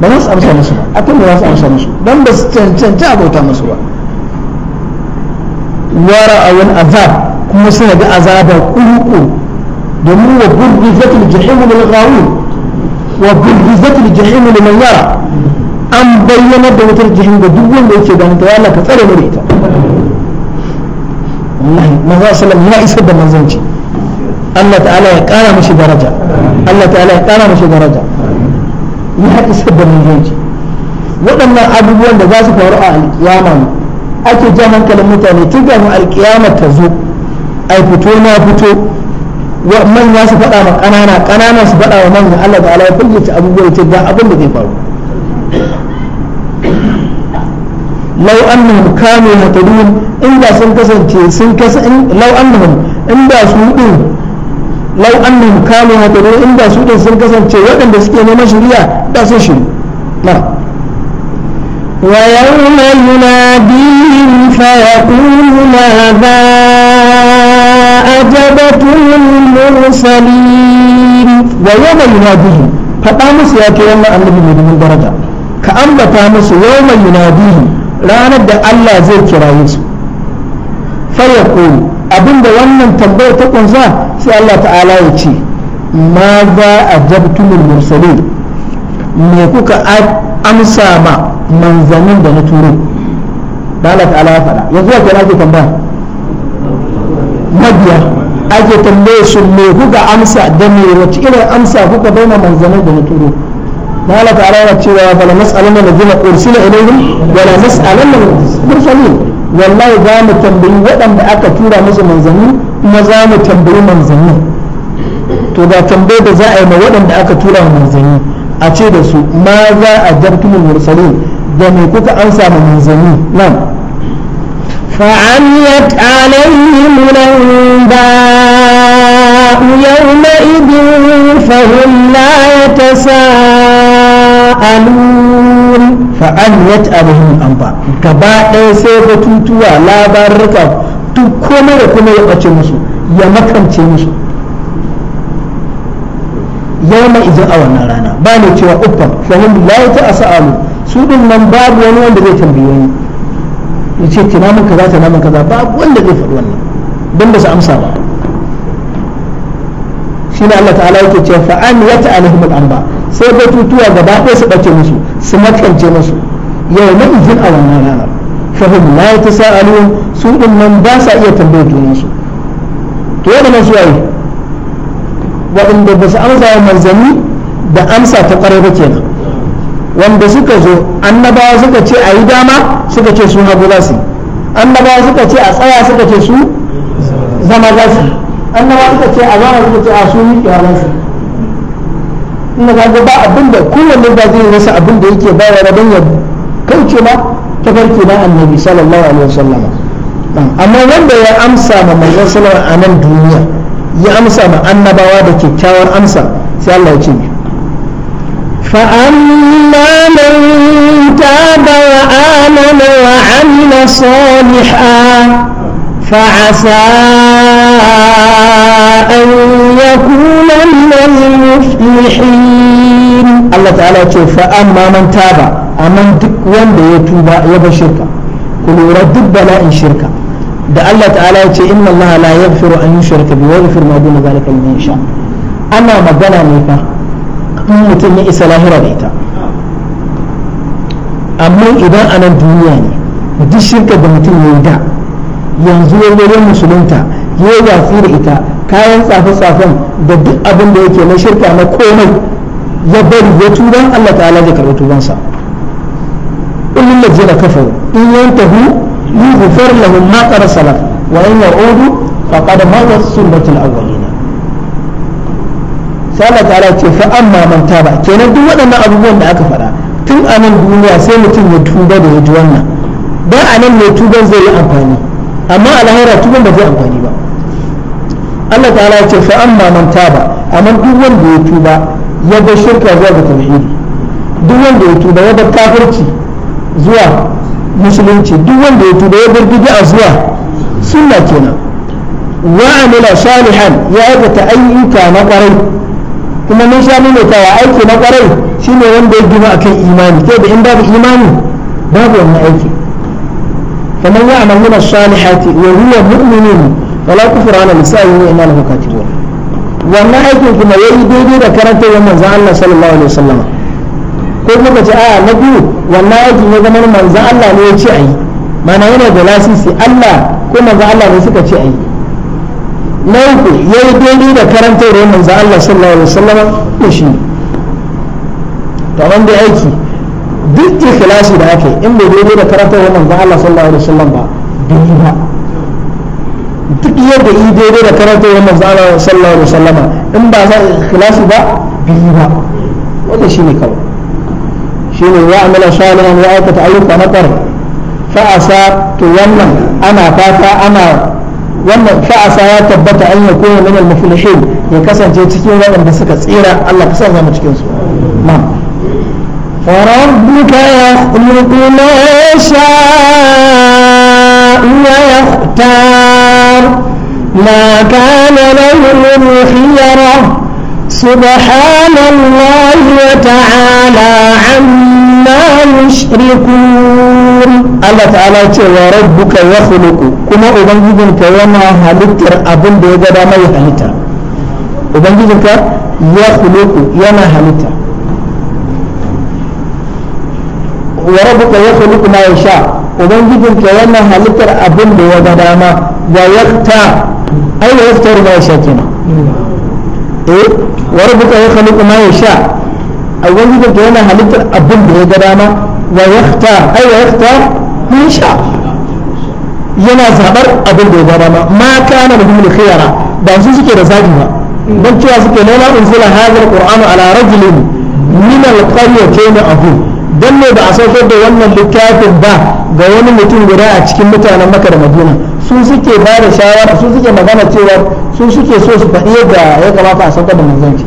ba ba za su amsa musu ba akan ba za su amsa musu dan ba su cancanci abota musu ba wara awun azab kuma suna ga azabar kurkuru دموع وبرزت الجحيم للغاوين وبرزت الجحيم لمن يرى أم بينا دوت الجحيم بدوا ليس بان توالا كثر مريتا الله ما هو سلم لا يسد من زنجي الله تعالى يقال مش درجة الله تعالى يقال مش درجة لا يسد من زنجي وأنا أبوان دجازك ورأى القيامة أتجاه من كلمتها لتجاه القيامة تزوب أي فتو ما فتو manya su faɗa ma ƙanana ƙanana su faɗa wa manya Allah da Allah ya ce ga abin da zai faru law annahum kanu yahtadun inda sun kasance sun kasance law annahum inda su din law annahum kanu inda su din sun kasance waɗanda suke neman shari'a da sun shiri na ويوم يناديهم فيقول ماذا فأجبته المرسلين ويوم يناديهم فقاموا يا كريم النبي من درجة كأنبتا مسو يوم يناديهم ranar da Allah zai kiraye su fayyakun abinda wannan tambayar ta kunsa sai Allah ta'ala ya ce ma za a jabtumul mursalin me kuka amsa ma manzannin da na turo da Allah ta'ala faɗa yanzu ya kira tambaya mabiya ake tambaye su me kuka amsa da me wacce irin amsa kuka bayna manzana da na turo na ala ta alawa cewa da mas'alan nan jina ursila ilayhim wala mas'alan nan mursali wallahi za mu tambayi waɗanda aka tura musu manzanni kuma za mu tambayi manzanni to ga tambaye da za a yi ma waɗanda aka tura manzanni a ce da su ma za a jartumin mursali da me kuka amsa ma manzanni nan فعميت عليهم الأنباء يومئذ فهم لا يتساءلون فعميت عليهم الأنباء كباء سيف تتوى لا بارك تكون لكم يقتل مسو يمكن تمسو yawma izin a wannan rana ba ne cewa uffan fahim la ta asalu su din nan babu wani wanda zai tambaye ni ce tunamin kaza tunamin kaza ba wanda zai faɗi wannan don ba su amsa ba shi ne Allah ta'ala yake cewa fa'an ya ta'alihim al'amba sai batutuwa gaba ɗaya su ɓace musu su makance musu yau na izin a wannan ranar fahim la ya tasa'alun su ɗin nan ba sa iya tambayar junansu to yadda nan su waye waɗanda ba su amsa wa manzanni da amsa ta ƙwarai ba kenan wanda suka zo annabawa suka ce a yi dama suka ce su hagu za su annabawa suka ce a tsaya suka ce su zama za su annabawa suka ce a zama suka ce a su yi za su ina ga ba abin da kowanne ba zai rasa abin da yake bayar rabon ya ba ta tafarki ba annabi sallallahu alaihi wasallam amma wanda ya amsa ma manzon sallallahu a nan duniya ya amsa ma annabawa da kyakkyawar amsa sai Allah ya ce فأما من تاب وآمن وعمل صالحا فعسى أن يكون من المفلحين الله تعالى يقول فأما من تاب أمن دك وند يتوب يبى شركة كل يرد بلاء شركة ده الله تعالى يقول إن الله لا يغفر أن يشرك به ويغفر ما دون ذلك لمن يشاء أنا مجانا ميكا in mutum ya isa lahira da ita amma idan a nan duniya ne duk shirka da mutum ya yi da yanzu ya yi musulunta ya yi watsi da ita kayan tsafe-tsafen da duk abin da yake na shirka na komai ya bari ya tuba Allah ta'ala zai karɓi tubansa kullum da jira kafaru in yantahu yughfar lahum ma qara salaf wa in ya'udu faqad mawat sunnatul awwal sai Allah ta'ala ce fa amma man taba kenan duk waɗannan abubuwan da aka faɗa tun a nan duniya sai mutum ya tuba da ya ji wannan don a nan ne tuban zai yi amfani amma a lahira tuban ba zai amfani ba Allah ta'ala ya ce fa amma man taba amma duk wanda ya tuba ya bar shirka zuwa ga tauhidi duk wanda ya tuba ya bar kafirci zuwa musulunci duk wanda ya tuba ya bar bid'a zuwa sunna kenan wa amila salihan ya aikata ayyuka na kwarai kuma mun sha maimaitawa aiki na kwarai shine wanda ya gina akan imani ta da in babu imani babu wannan aiki فمن يعمل من الصالحات وهو مؤمن فلا كفران لسائه إلا له كاتبون wannan aikin kuma ya yi daidai da karanta wa manzan Allah sallallahu alaihi wasallam ko kuma ce a na biyu wannan aiki ne zaman manzan Allah ne ya ce a yi mana yana da lasisi Allah ko manzan Allah ne suka ce a yi na uku ya yi daidai da karantar da manzan Allah sallallahu alaihi wasallam ko shi to wanda aiki duk ikhlasi da ake in bai daidai da karantar da manzan Allah sallallahu alaihi wasallam ba bai ba duk yadda yi daidai da karantar da manzan Allah sallallahu alaihi wasallam in ba za ikhlasi ba bai ba wanda shi ne kawai shi shine ya amala salihan ya aikata ayyuka na kwarai fa asa to wannan ana fata ana wannan fa'asa ya tabbata an yi kuma min al-muflihin ya kasance cikin waɗanda suka tsira Allah ka sanya mu cikin su na'am فربك يخلق ما يشاء ويختار ما كان لهم الخيرة سبحان الله وتعالى عما يشركون Allah ta'ala ce wa rabbuka ya khuluqu kuma ubangijinka yana halittar abin da ya ga dama ya halitta ubangijinka ya khuluqu yana halitta wa rabbuka ya khuluqu ma yasha ubangijinka yana halittar abin da ya ga dama ya yakta ai ya yaktar ma yasha kenan eh wa rabbuka ya khuluqu ma yasha ubangijinka yana halittar abin da ya ga dama ya yakta ai ya yakta kunsha yana zabar abin da ya gaba ma ma kana da hulul khiyara ba su suke da zabi ba dan cewa suke laula unzila hadha alqur'anu ala rajulin min na abu don ne ba a saukar da wannan littafin ba ga wani mutum guda a cikin mutanen Makka da Madina su suke ba da shawara su suke magana cewa su suke so su faɗi yadda ya kamata a saukar da manzanci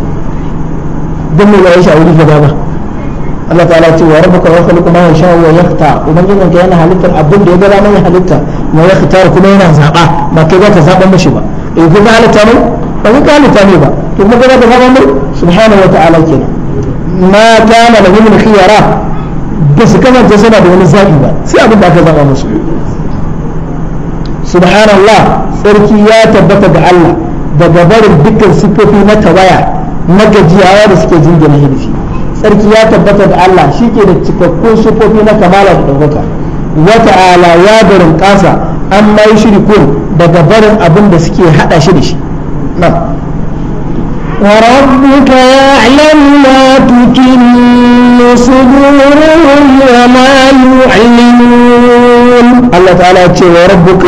Don ne ba ya shawari gaba ba Allah ta'ala ce wa rabbuka yakhluqu ma yasha wa yakhta ubangijin ka yana halittar abin da ya ga ranar halitta wa yakhta kuma yana zaba ba kai zaka zaba mishi ba in eh, kuma halitta ne ba kai halitta ne ba to kuma kai zaka zaba mai subhanahu wa ta'ala kenan ma kana lahum khiyara ba su kasance suna da wani zabi ba sai abin da aka zaba musu subhanallah sarki ya tabbata ga Allah daga barin dukkan sifofi na tawaya na gajiyawa da suke jingina hirfi sarki ya tabbata da Allah shi ke da cikakkun sufofi na kamala da ɗaukaka wata ala ya barin ƙasa an mai shirikun daga barin abin da suke haɗa shi da shi nan وربك يعلم ما تكن صدورهم وما يعلنون الله تعالى يقول وربك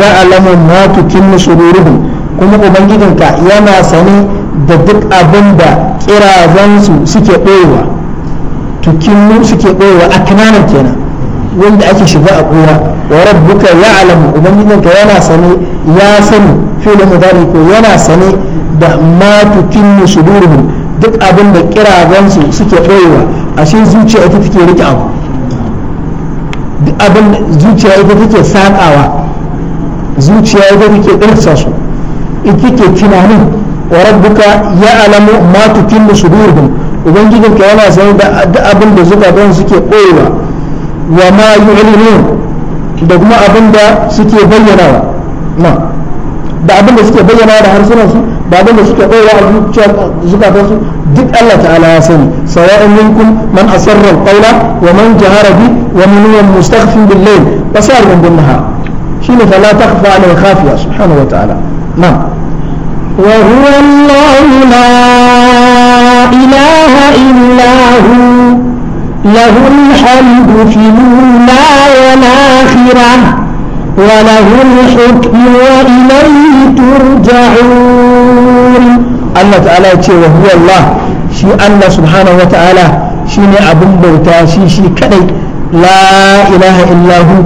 يعلم ما تكن صدورهم كما أبنجدك يا ما سمي da duk abin da kirazansu suke ɓoyewa tukinnu suke ɓoyewa a kananan kenan wanda ake shiga a ƙura wa rabbuka ya alamu ubangijinka yana sani ya sani filin mudari ko yana sani da ma tukinnu durbin duk abin da kirazansu suke ɓoyewa shi zuciya ita take rike abu duk abin zuciya ita take sakawa zuciya ita take ɗarsa su ita take tunanin wa rabbuka ya'lamu ma tukinnu suduruhum ubangijin ka yana sani da abin da suka don suke koyewa wa ma yu'linun da kuma abin da suke bayyanawa na da abin da suke bayyanawa da harsunan su da abin da suke koyewa a zuciyar zukatan su duk Allah ta'ala ya sani sawa'un minkum man asarra al-qawla wa man jahara bi wa man huwa mustaghfin bil-layl wa sa'irun bin-nahar shine fala takhfa 'ala al-khafiya subhanahu wa ta'ala na'am وهو الله لا إله إلا هو له الحمد في الأولى والآخرة وله الحكم وإليه ترجعون الله تعالى يقول وهو الله شيء الله سبحانه وتعالى شيء أبن بوتا شيء شيء كذي لا إله إلا هو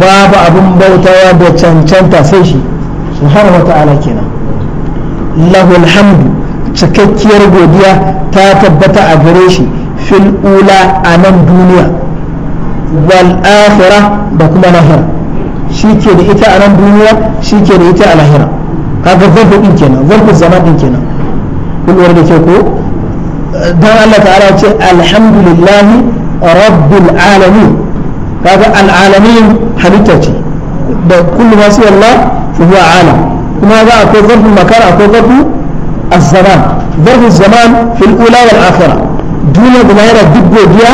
باب أبن بوتا وبتشنشنتا سيشي سبحانه وتعالى كنا lahul hamdu cikakkiyar godiya ta tabbata a gare shi fil ula a nan duniya wal akhirah da kuma lahira shi ke da ita a nan duniya shi ke da ita a lahira kaga zarfu din kenan zarfu zama din kenan kulwar da ke ko dan Allah ta'ala ce alhamdulillah rabbil alamin kaga al alamin halitta ce da kullu ma sai Allah fa huwa alam kuma za a akwai zarfin makara akwai zarfin azzaman zarfin zaman fil ula wal akhirah duniya da lahira duk godiya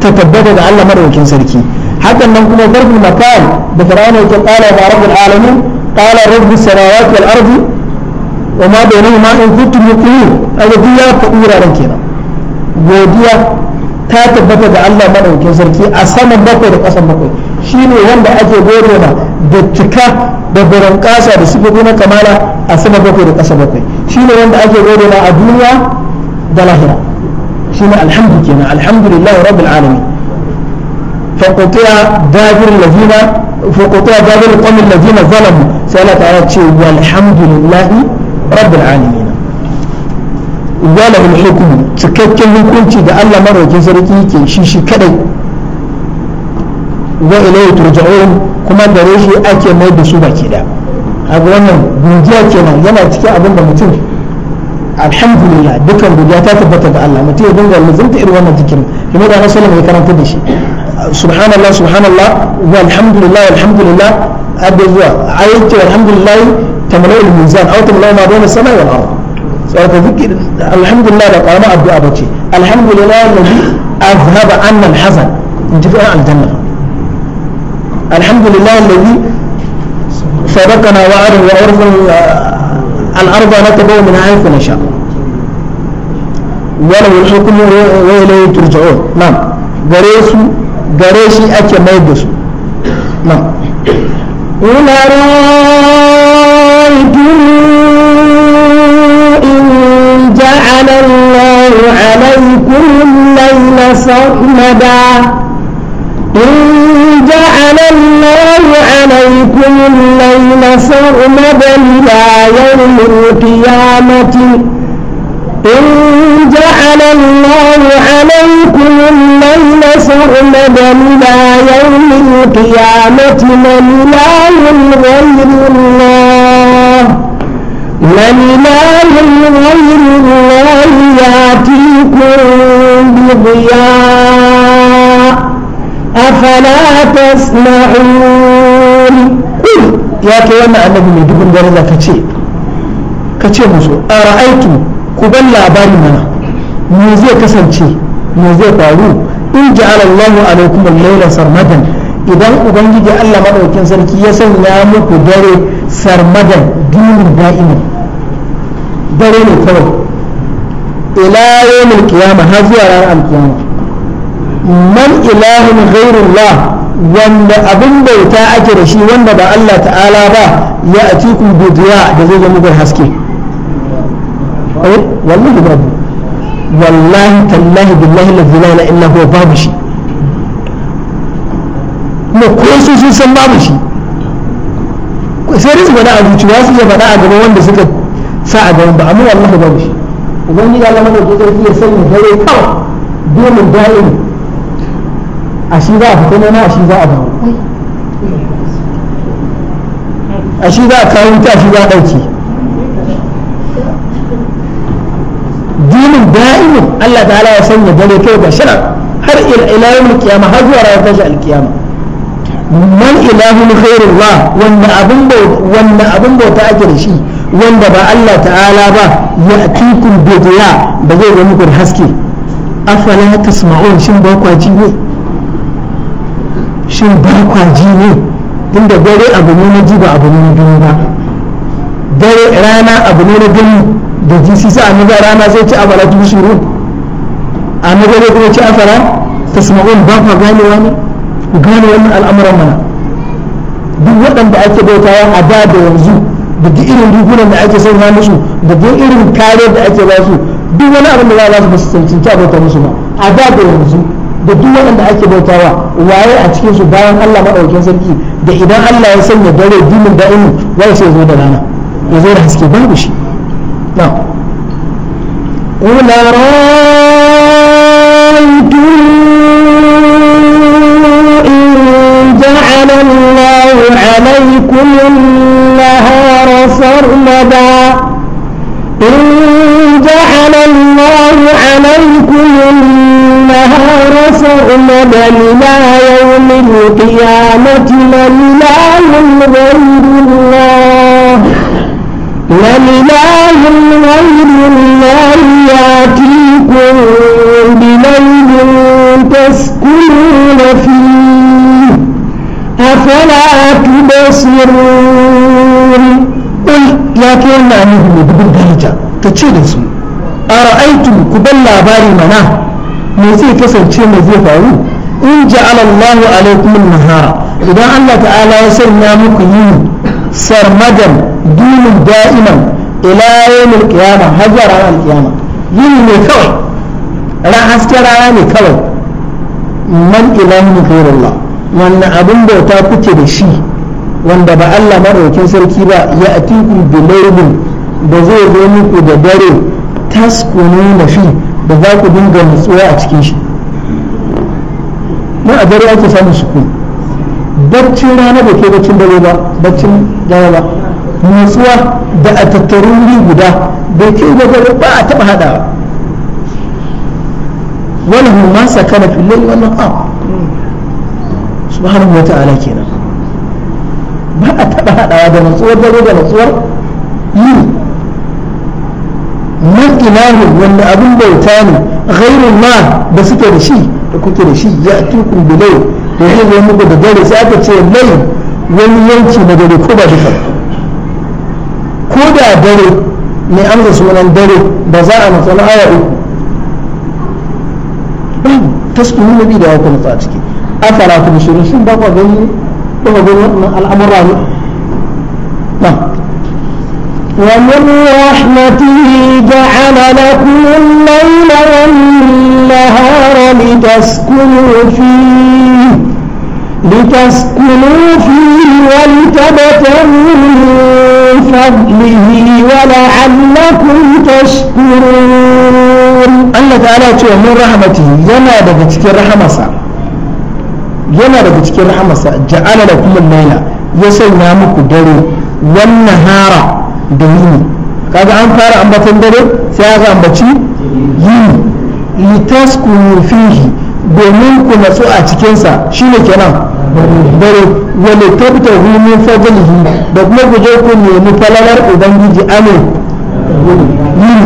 ta tabbata da Allah madaukakin sarki hakan nan kuma zarfin makan da fir'auna yake qala ya rabbul alamin qala rabbus samawati wal ardi wa ma bainahuma in kuntum muqinin kaga duk ya faɗi wuraren kenan godiya ta tabbata da Allah madaukakin sarki a saman bakwai da kasan bakwai shine wanda ake gode ma da cika da burin da sifofi na kamala a sama bakwai da ƙasa bakwai shi ne wanda ake godona a duniya da lahira shi ne alhamdu kenan alhamdulillahi rabbil alamin فقطع دابر الذين فقطع دابر القوم الذين ظلموا سألت على شيء والحمد لله رب العالمين وله الحكم cikakken hukunci da Allah maraukin sarki yake shi shi kadai wa ilayhi turja'un kuma gare shi ake mai da su baki da a wannan gujiya kenan yana cikin abin da mutum alhamdulillah dukkan gujiya ta tabbata ga Allah mutum ya dinga lazimta irin wannan jikin kuma da rasulun ya karanta da shi subhanallah subhanallah walhamdulillah walhamdulillah adda zuwa ayyuka walhamdulillah tamla al-mizan aw tamla ma bayna as-samai wal ard saboda zikir alhamdulillah da karama addu'a bace alhamdulillah alladhi azhaba anna al-hazan in ji aljanna الحمد لله الذي صدقنا وعرف وعرف الأرض نتبوء من حيث نشاء وله الحكم وإليه ترجعون نعم غريسو غريشي أكي ميدسو نعم قل أرأيتم إن جعل الله عليكم الليل سرمدا إن جعل الله عليكم الليل سرمدا إلى يوم القيامة إن جعل الله عليكم الليل سرمدا إلى يوم القيامة من إله ya kai wannan annabi mai dubin daraja ka ce ka ce musu a ra'aitu ku ban labari mana me zai kasance me zai faru in ja'ala Allahu alaikum al-laila sarmadan idan ubangiji Allah madaukin sarki ya sanya muku dare sarmadan dinin da'imin dare ne kawai ila yawmil qiyamah har zuwa ranar al man ilahun ghairullah wanda abin bauta ake da shi wanda ba Allah ta'ala ba ya a cikin bidiya da zai zama gun haske eh, wallahi babu wallahi tallahi billahi lafi la illa huwa babu shi kuma ko su sun san babu shi sai rizu faɗa a zuciya su ya faɗa a gaban wanda suka sa a gaban ba amma wallahi babu shi ubangiji Allah madaukakin sarki ya sanya dare kawai domin da'in a shi za a fita nema a shi za a dawo a shi za a kawo wuta a shi za a ɗauki dinin da'imin Allah ta'ala ya sanya dare kai ga shirar har ila yawon kiyama har zuwa ranar tashi alkiyama man ilahun khairullah ba wanda abin bauta ake da shi wanda ba Allah ta'ala ba ya tikun bidiya ba zai ga muku haske afala tasma'un shin ba kwaji ne shin ba kwa ji ne tunda dare abu ne na ji ba abu ne na gani ba dare rana abu ne na gani da ji sai sai annabi rana zai ci abala tu shuru annabi ne kuma ci afara tasma'un ba kwa gane wani ku gane wani al'amuran mana duk waɗanda ake bautawa a da da yanzu da duk irin rigunan da ake sanya musu da duk irin kare da ake ba su duk wani abin da za a su ba su cancanci a bauta musu ba a da da yanzu da duk wanda ake bautawa waye a cikin su bayan Allah maɗaukin sarki da idan Allah ya sanya dare dinin da inu wai sai zo da rana ya zo da haske babu shi na قل رأيتم إن جعل الله عليكم القيامة من إله غير الله من إله غير الله يأتيكم بليل تسكنون فيه أفلا تبصرون قل يا كيما نهمل بالدرجة تشيلسوا أرأيتم كبل باري منا me zai kasance mai zai faru in ja'ala Allahu alaikum nahara idan Allah ta'ala ya sanya muku yi sarmadan dunin da'iman ila yawmil qiyamah har zuwa ranar qiyama yini ne kawai ran hasken rana ne kawai man ilahun khairullah wannan abin bauta kuke da shi wanda ba Allah madaukakin sarki ba ya atiku bilailin da zai zo muku da dare da fi da za ku dinga nutsuwa a cikin shi nan a dare ake samun sukun baccin rana ba ke baccin dare ba baccin dare ba nutsuwa da a tattaru wuri guda bai ke gwagwaro ba a taɓa haɗawa wani hulma sakana filai wannan am subhanahu wa ta'ala kenan ba a taɓa haɗawa da nutsuwar dare da nutsuwar yi man ilahu wanda abin bauta ne ghairullah da suke da shi da kuke da shi ya tukun bilai da zai muku da dare sai aka ce lai wani yanki na dare ko ba duka ko da dare ne amsa sunan dare ba za a matsa na uku babu da ya kuma a ciki afara kuma shirin ba ku gani ba gani wannan al'amura ne ومن رحمته جعل لكم الليل والنهار لتسكنوا فيه لتسكنوا فيه ولتبتغوا من فضله ولعلكم تشكرون الله تعالى من رحمته جنى بذكر رحمة جنى بذكر رحمة جعل لكم الليل يسوي نامك دري والنهار da yini kaga an fara ambaton dare sai aka ambaci yini litasku fihi domin ku natsu a cikinsa shine kenan dare wani tabtahu min fadalihi da kuma ku je ku nemi falalar ubangiji ame yini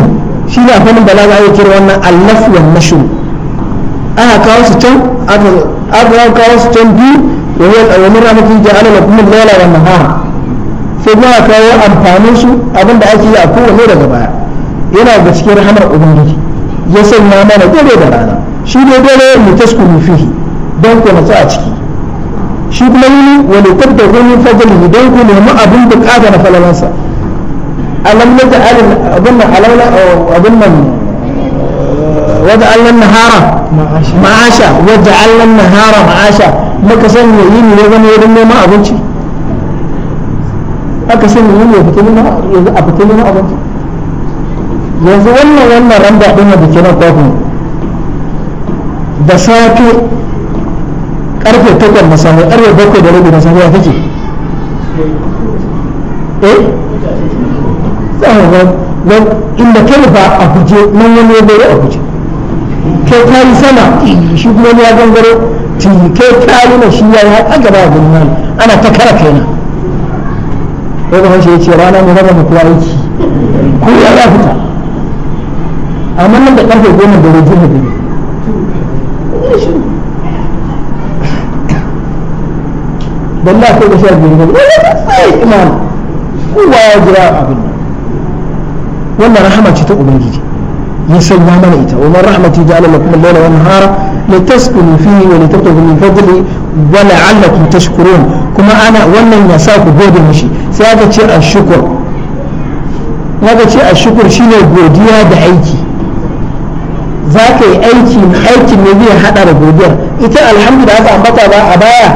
shi ne a fannin balaga ya kira wannan allaf wa nashu ana kawo su can aka kawo su can biyu wa wani ramakin ja'ala kuma al-laila wan nahara ko kuma kawo amfanin su abin da ake yi a kowane daga baya yana da cikin rahamar ubangiji ya sanya mana dare da rana shi ne dare mu taskunu fihi don ku natsu a ciki shi kuma yini wani tabda gani fadli don ku nemi abin bukata na falalansa alam yata alin abin nan alawla oh, abin nan وجعلنا النهار معاشا وجعلنا النهار معاشا maka sanya ne ya zama ya zama ma abinci aka sanya wani ya fita neman yanzu a fita na abinci yanzu wannan wannan randa ɗin da ke na kwakwan da safe karfe takwas na safe ƙarfe bakwai da rabi na safe ya fice eh don inda kai ba a guje nan wani ya bai a guje kai ta yi sama shi kuma ya gangaro ti kai ta yi na shi ya yi har a gaba a gudun ana ta kara kenan sai ba shi ya ce rana mu raba kowa aiki ko ya ya fita amma nan da karfe goma da rage da dare balla ko da sha biyu ne sai imam kowa ya jira abin wannan rahama ce ta ubangiji ya sanya mana ita wa man rahmatu ja'ala lakum al-laila wan nahara لتسكنوا فيه ولتبتغوا من فضله ولعلكم تشكرون كما أنا ولن يساك بود مشي سيادة شيء الشكر هذا شيء الشكر شيء godiya da aiki za ka yi aiki aikin ne zai hada da godiyar ita alhamdulillah aka a baya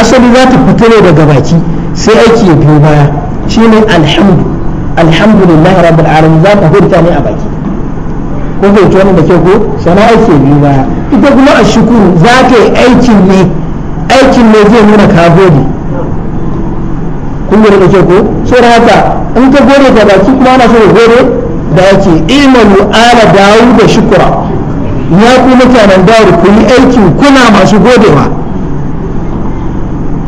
asali zata ta fito daga baki sai aiki ya biyo baya shine alhamdulillah rabbil alamin za ka hurta ne a baki ko bai ci wani da ke ko sana'a ke biyu ba ita kuma a shukuru za ka yi aikin ne aikin ne zai nuna ka gode kun gode da ke ko sai haka in ka gode da baki kuma ana so ka gode da yake imanu ala dawu da shukura ya ku mutanen dawar ku yi aikin kuna masu godewa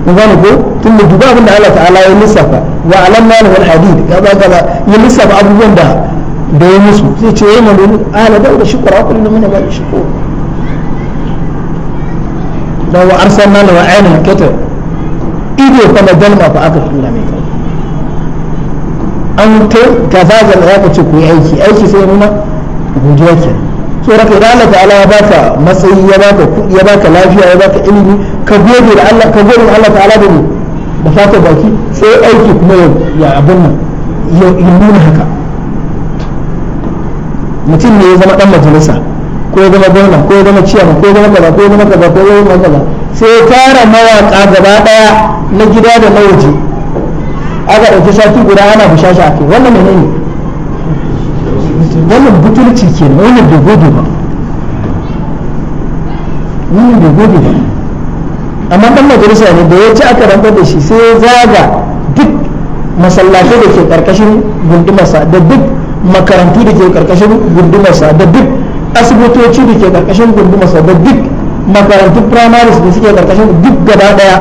kun gane ko tun da duba abin da Allah ta'ala ya lissafa wa alamma wal hadid kaza kaza ya lissafa abubuwan da da ya musu zai ce ya yi malu ala dauda shukura wa kullum mana bai shukur da wa arsalna la wa ainihin katar ido kuma dalma fa aka tura mai kai an kai gazazar da zaka ce ku yi aiki aiki sai nuna godiya ke so raka da Allah ta'ala ya baka matsayi ya baka kuɗi ya baka lafiya ya baka ilimi ka gode da Allah ka gode da Allah ta'ala da ni da fata baki sai aiki kuma ya abun nan ya nuna haka mutum ne ya zama dan majalisa ko ya zama gwamna ko ya zama ciyama ko ya zama kaza ko ya zama kaza ko ya zama kaza sai ya tara mawaka gaba daya na gida da na waje aka ɗauki sati guda ana bushashi a kai wannan ne wannan butulci kenan wannan bai gode ba wannan bai gode ba amma dan majalisa ne da ya ci aka rantsar da shi sai ya zaga duk masallatai da ke karkashin gundumarsa da duk makarantu da ke karkashin gundumarsa da duk asibitoci da ke karkashin gundumarsa da duk makarantun primaries da suke karkashin duk gaba daya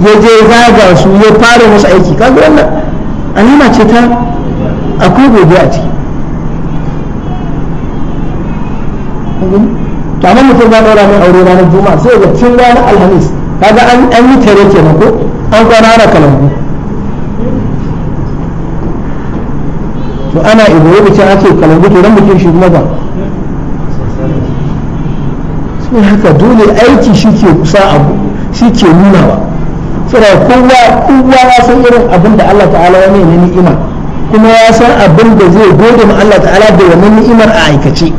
ya je zaga su ya fara musu aiki kaga wannan alama ce ta akwai gobe a ciki to mutum ya ɗora mai aure ranar juma'a sai ga cin ranar alhamis kaga an yi tare ke ko an kwana ana kalambu to ana ibo da can ake kalambu to dan mutum shi kuma ba sai haka dole aiki shi ke kusa abu shi ke nunawa tsira kowa kowa ya san irin abin da Allah ta'ala ya mai ni'ima kuma ya san abin da zai gode ma Allah ta'ala da wannan ni'imar a aikace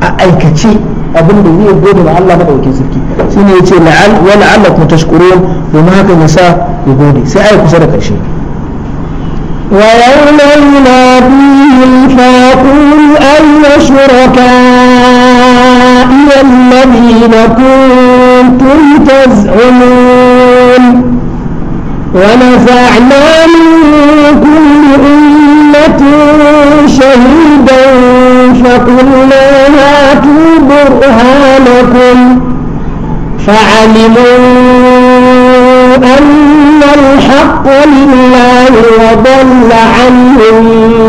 a aikace abin da zai gode ma Allah madaukakin sarki shine yace la'al wa la'allakum tashkurun domin haka yasa ku gode sai ai kusa da karshe ويوم يناديهم فيقول أين شركائي الذين كنتم تزعمون ونزعنا من كل أمة شهيدا فقلنا هاتوا برهانكم فعلموا إن الحق لله وضل عنهم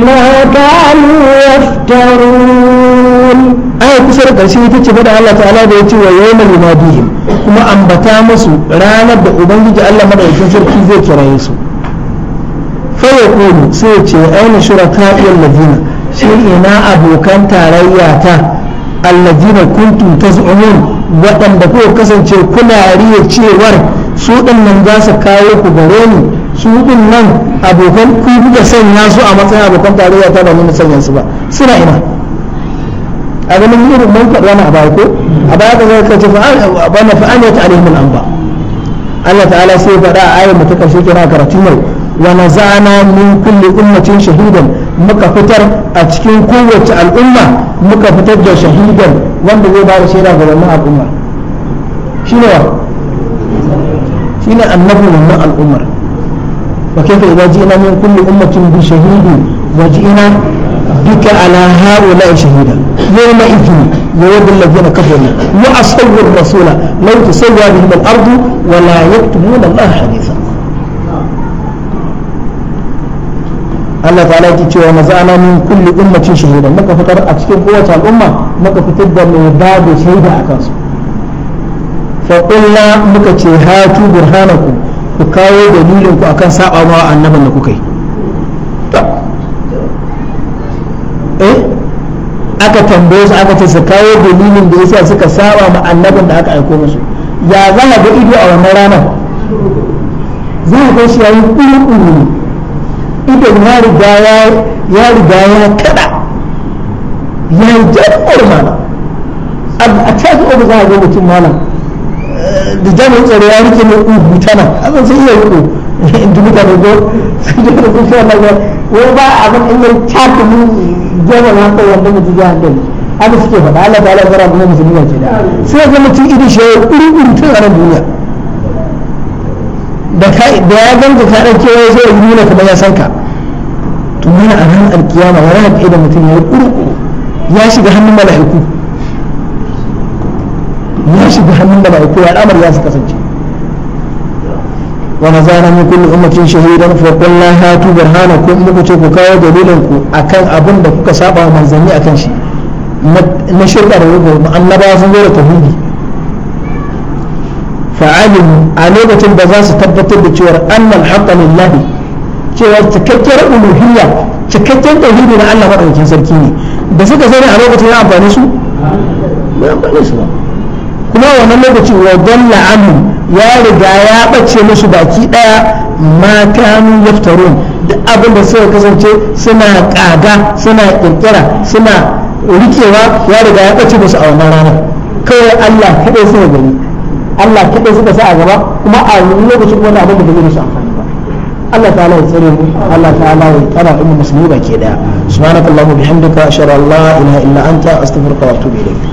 ما كانوا يفترون آية كسر كرسي تتبع الله تعالى بيتي ويوم يناديهم كما أنبتا مسو رانا بأبنجي الله مدعو كسر كي ذي كريسو فيقول سيتي أين شركائي الذين شيئنا أبو كان تارياتا الذين كنتم تزعمون waɗanda kuka kasance kuna riya cewar su nan za su kawo ku gare ni su nan abokan ku da sanya su a matsayin abokan tarayya ta ba nuna sanya su ba suna ina a ganin irin mun faɗa na baya ko a baya ka zai kace fa na fa an ta alaihim al-anba Allah ta'ala sai faɗa a ayar mutaka shi kira karatu mai wa nazana min kulli ummatin shahidan muka fitar a cikin kowace al'umma muka fitar da shahidan wanda zai ba da shaida ga wannan al'umma shine wa من النبي ومن الأمر وكيف إذا جئنا من كل أمة بشهيد وجئنا بك على هؤلاء شهيدا يومئذ يود الذين كفروا وعصوا الرسول لو تسوى بهم الأرض ولا يكتمون الله حديثا Allah ta alaƙi cewa na za'ana min kulli ummatin shahida muka fitar a cikin kowace al'umma muka fitar da mai ba da shaida a kansu faƙulla muka ce hatu burhanaku ku kawo dalilinku akan saɓa ma annaban da kuka yi eh aka tambaye su aka ce su kawo dalilin da yasa suka saba ma annabin da aka aiko musu ya za ga ido a wannan ranar za a ga shi yayi kuru-kuru idan ya riga ya riga ya kada ya yi jami'ar mana a cikin ba za a ga mutum malam da jami'in tsaro ya rike mai ugu tana azan sai iya riko in dubu da dogo sai da riko shi wannan wai abin in yau tafi mun goma na kai wanda mutum ya hankali haka suke faɗa Allah ta'ala zara kuma musulmi ya ce da sai ga mutum irin shi ya ƙuri tun a duniya da ya ganga ka ɗauke wai zai yi nuna kamar ya san ka to mana a ranar alkiyama wani haƙi da mutum ya yi ƙuri ya shiga hannun mala'iku ya shiga hannun da ba kowa al'amar ya su kasance wa nazara min kulli ummatin shahidan fa qulna hatu burhanakum muku ce ku kawo dalilin ku akan abin da kuka saba wa manzanni akan shi na shirka da rubu annabawa sun zo da tauhidi fa'alimu a lokacin da za su tabbatar da cewar annal haqqa lillahi cewar Cikakken uluhiyya cikakken tauhidi na Allah madaukakin sarki ne da suka sani a lokacin ya amfani su ya amfani su ba kuma wannan lokacin wa dalla anhu ya riga ya bace musu baki daya ma kanu yaftarun duk abin da suka kasance suna kaga suna kirkira suna rikewa ya riga ya bace musu a wannan rana kawai Allah kadai suka gani Allah kadai suka sa a gaba kuma a wannan lokacin wani abin da bai musu amfani الله تعالى يسلم الله تعالى يطلع أم مسلمة كده سبحانك اللهم وبحمدك أشهد ina لا إله إلا أنت أستغفرك وأتوب إليك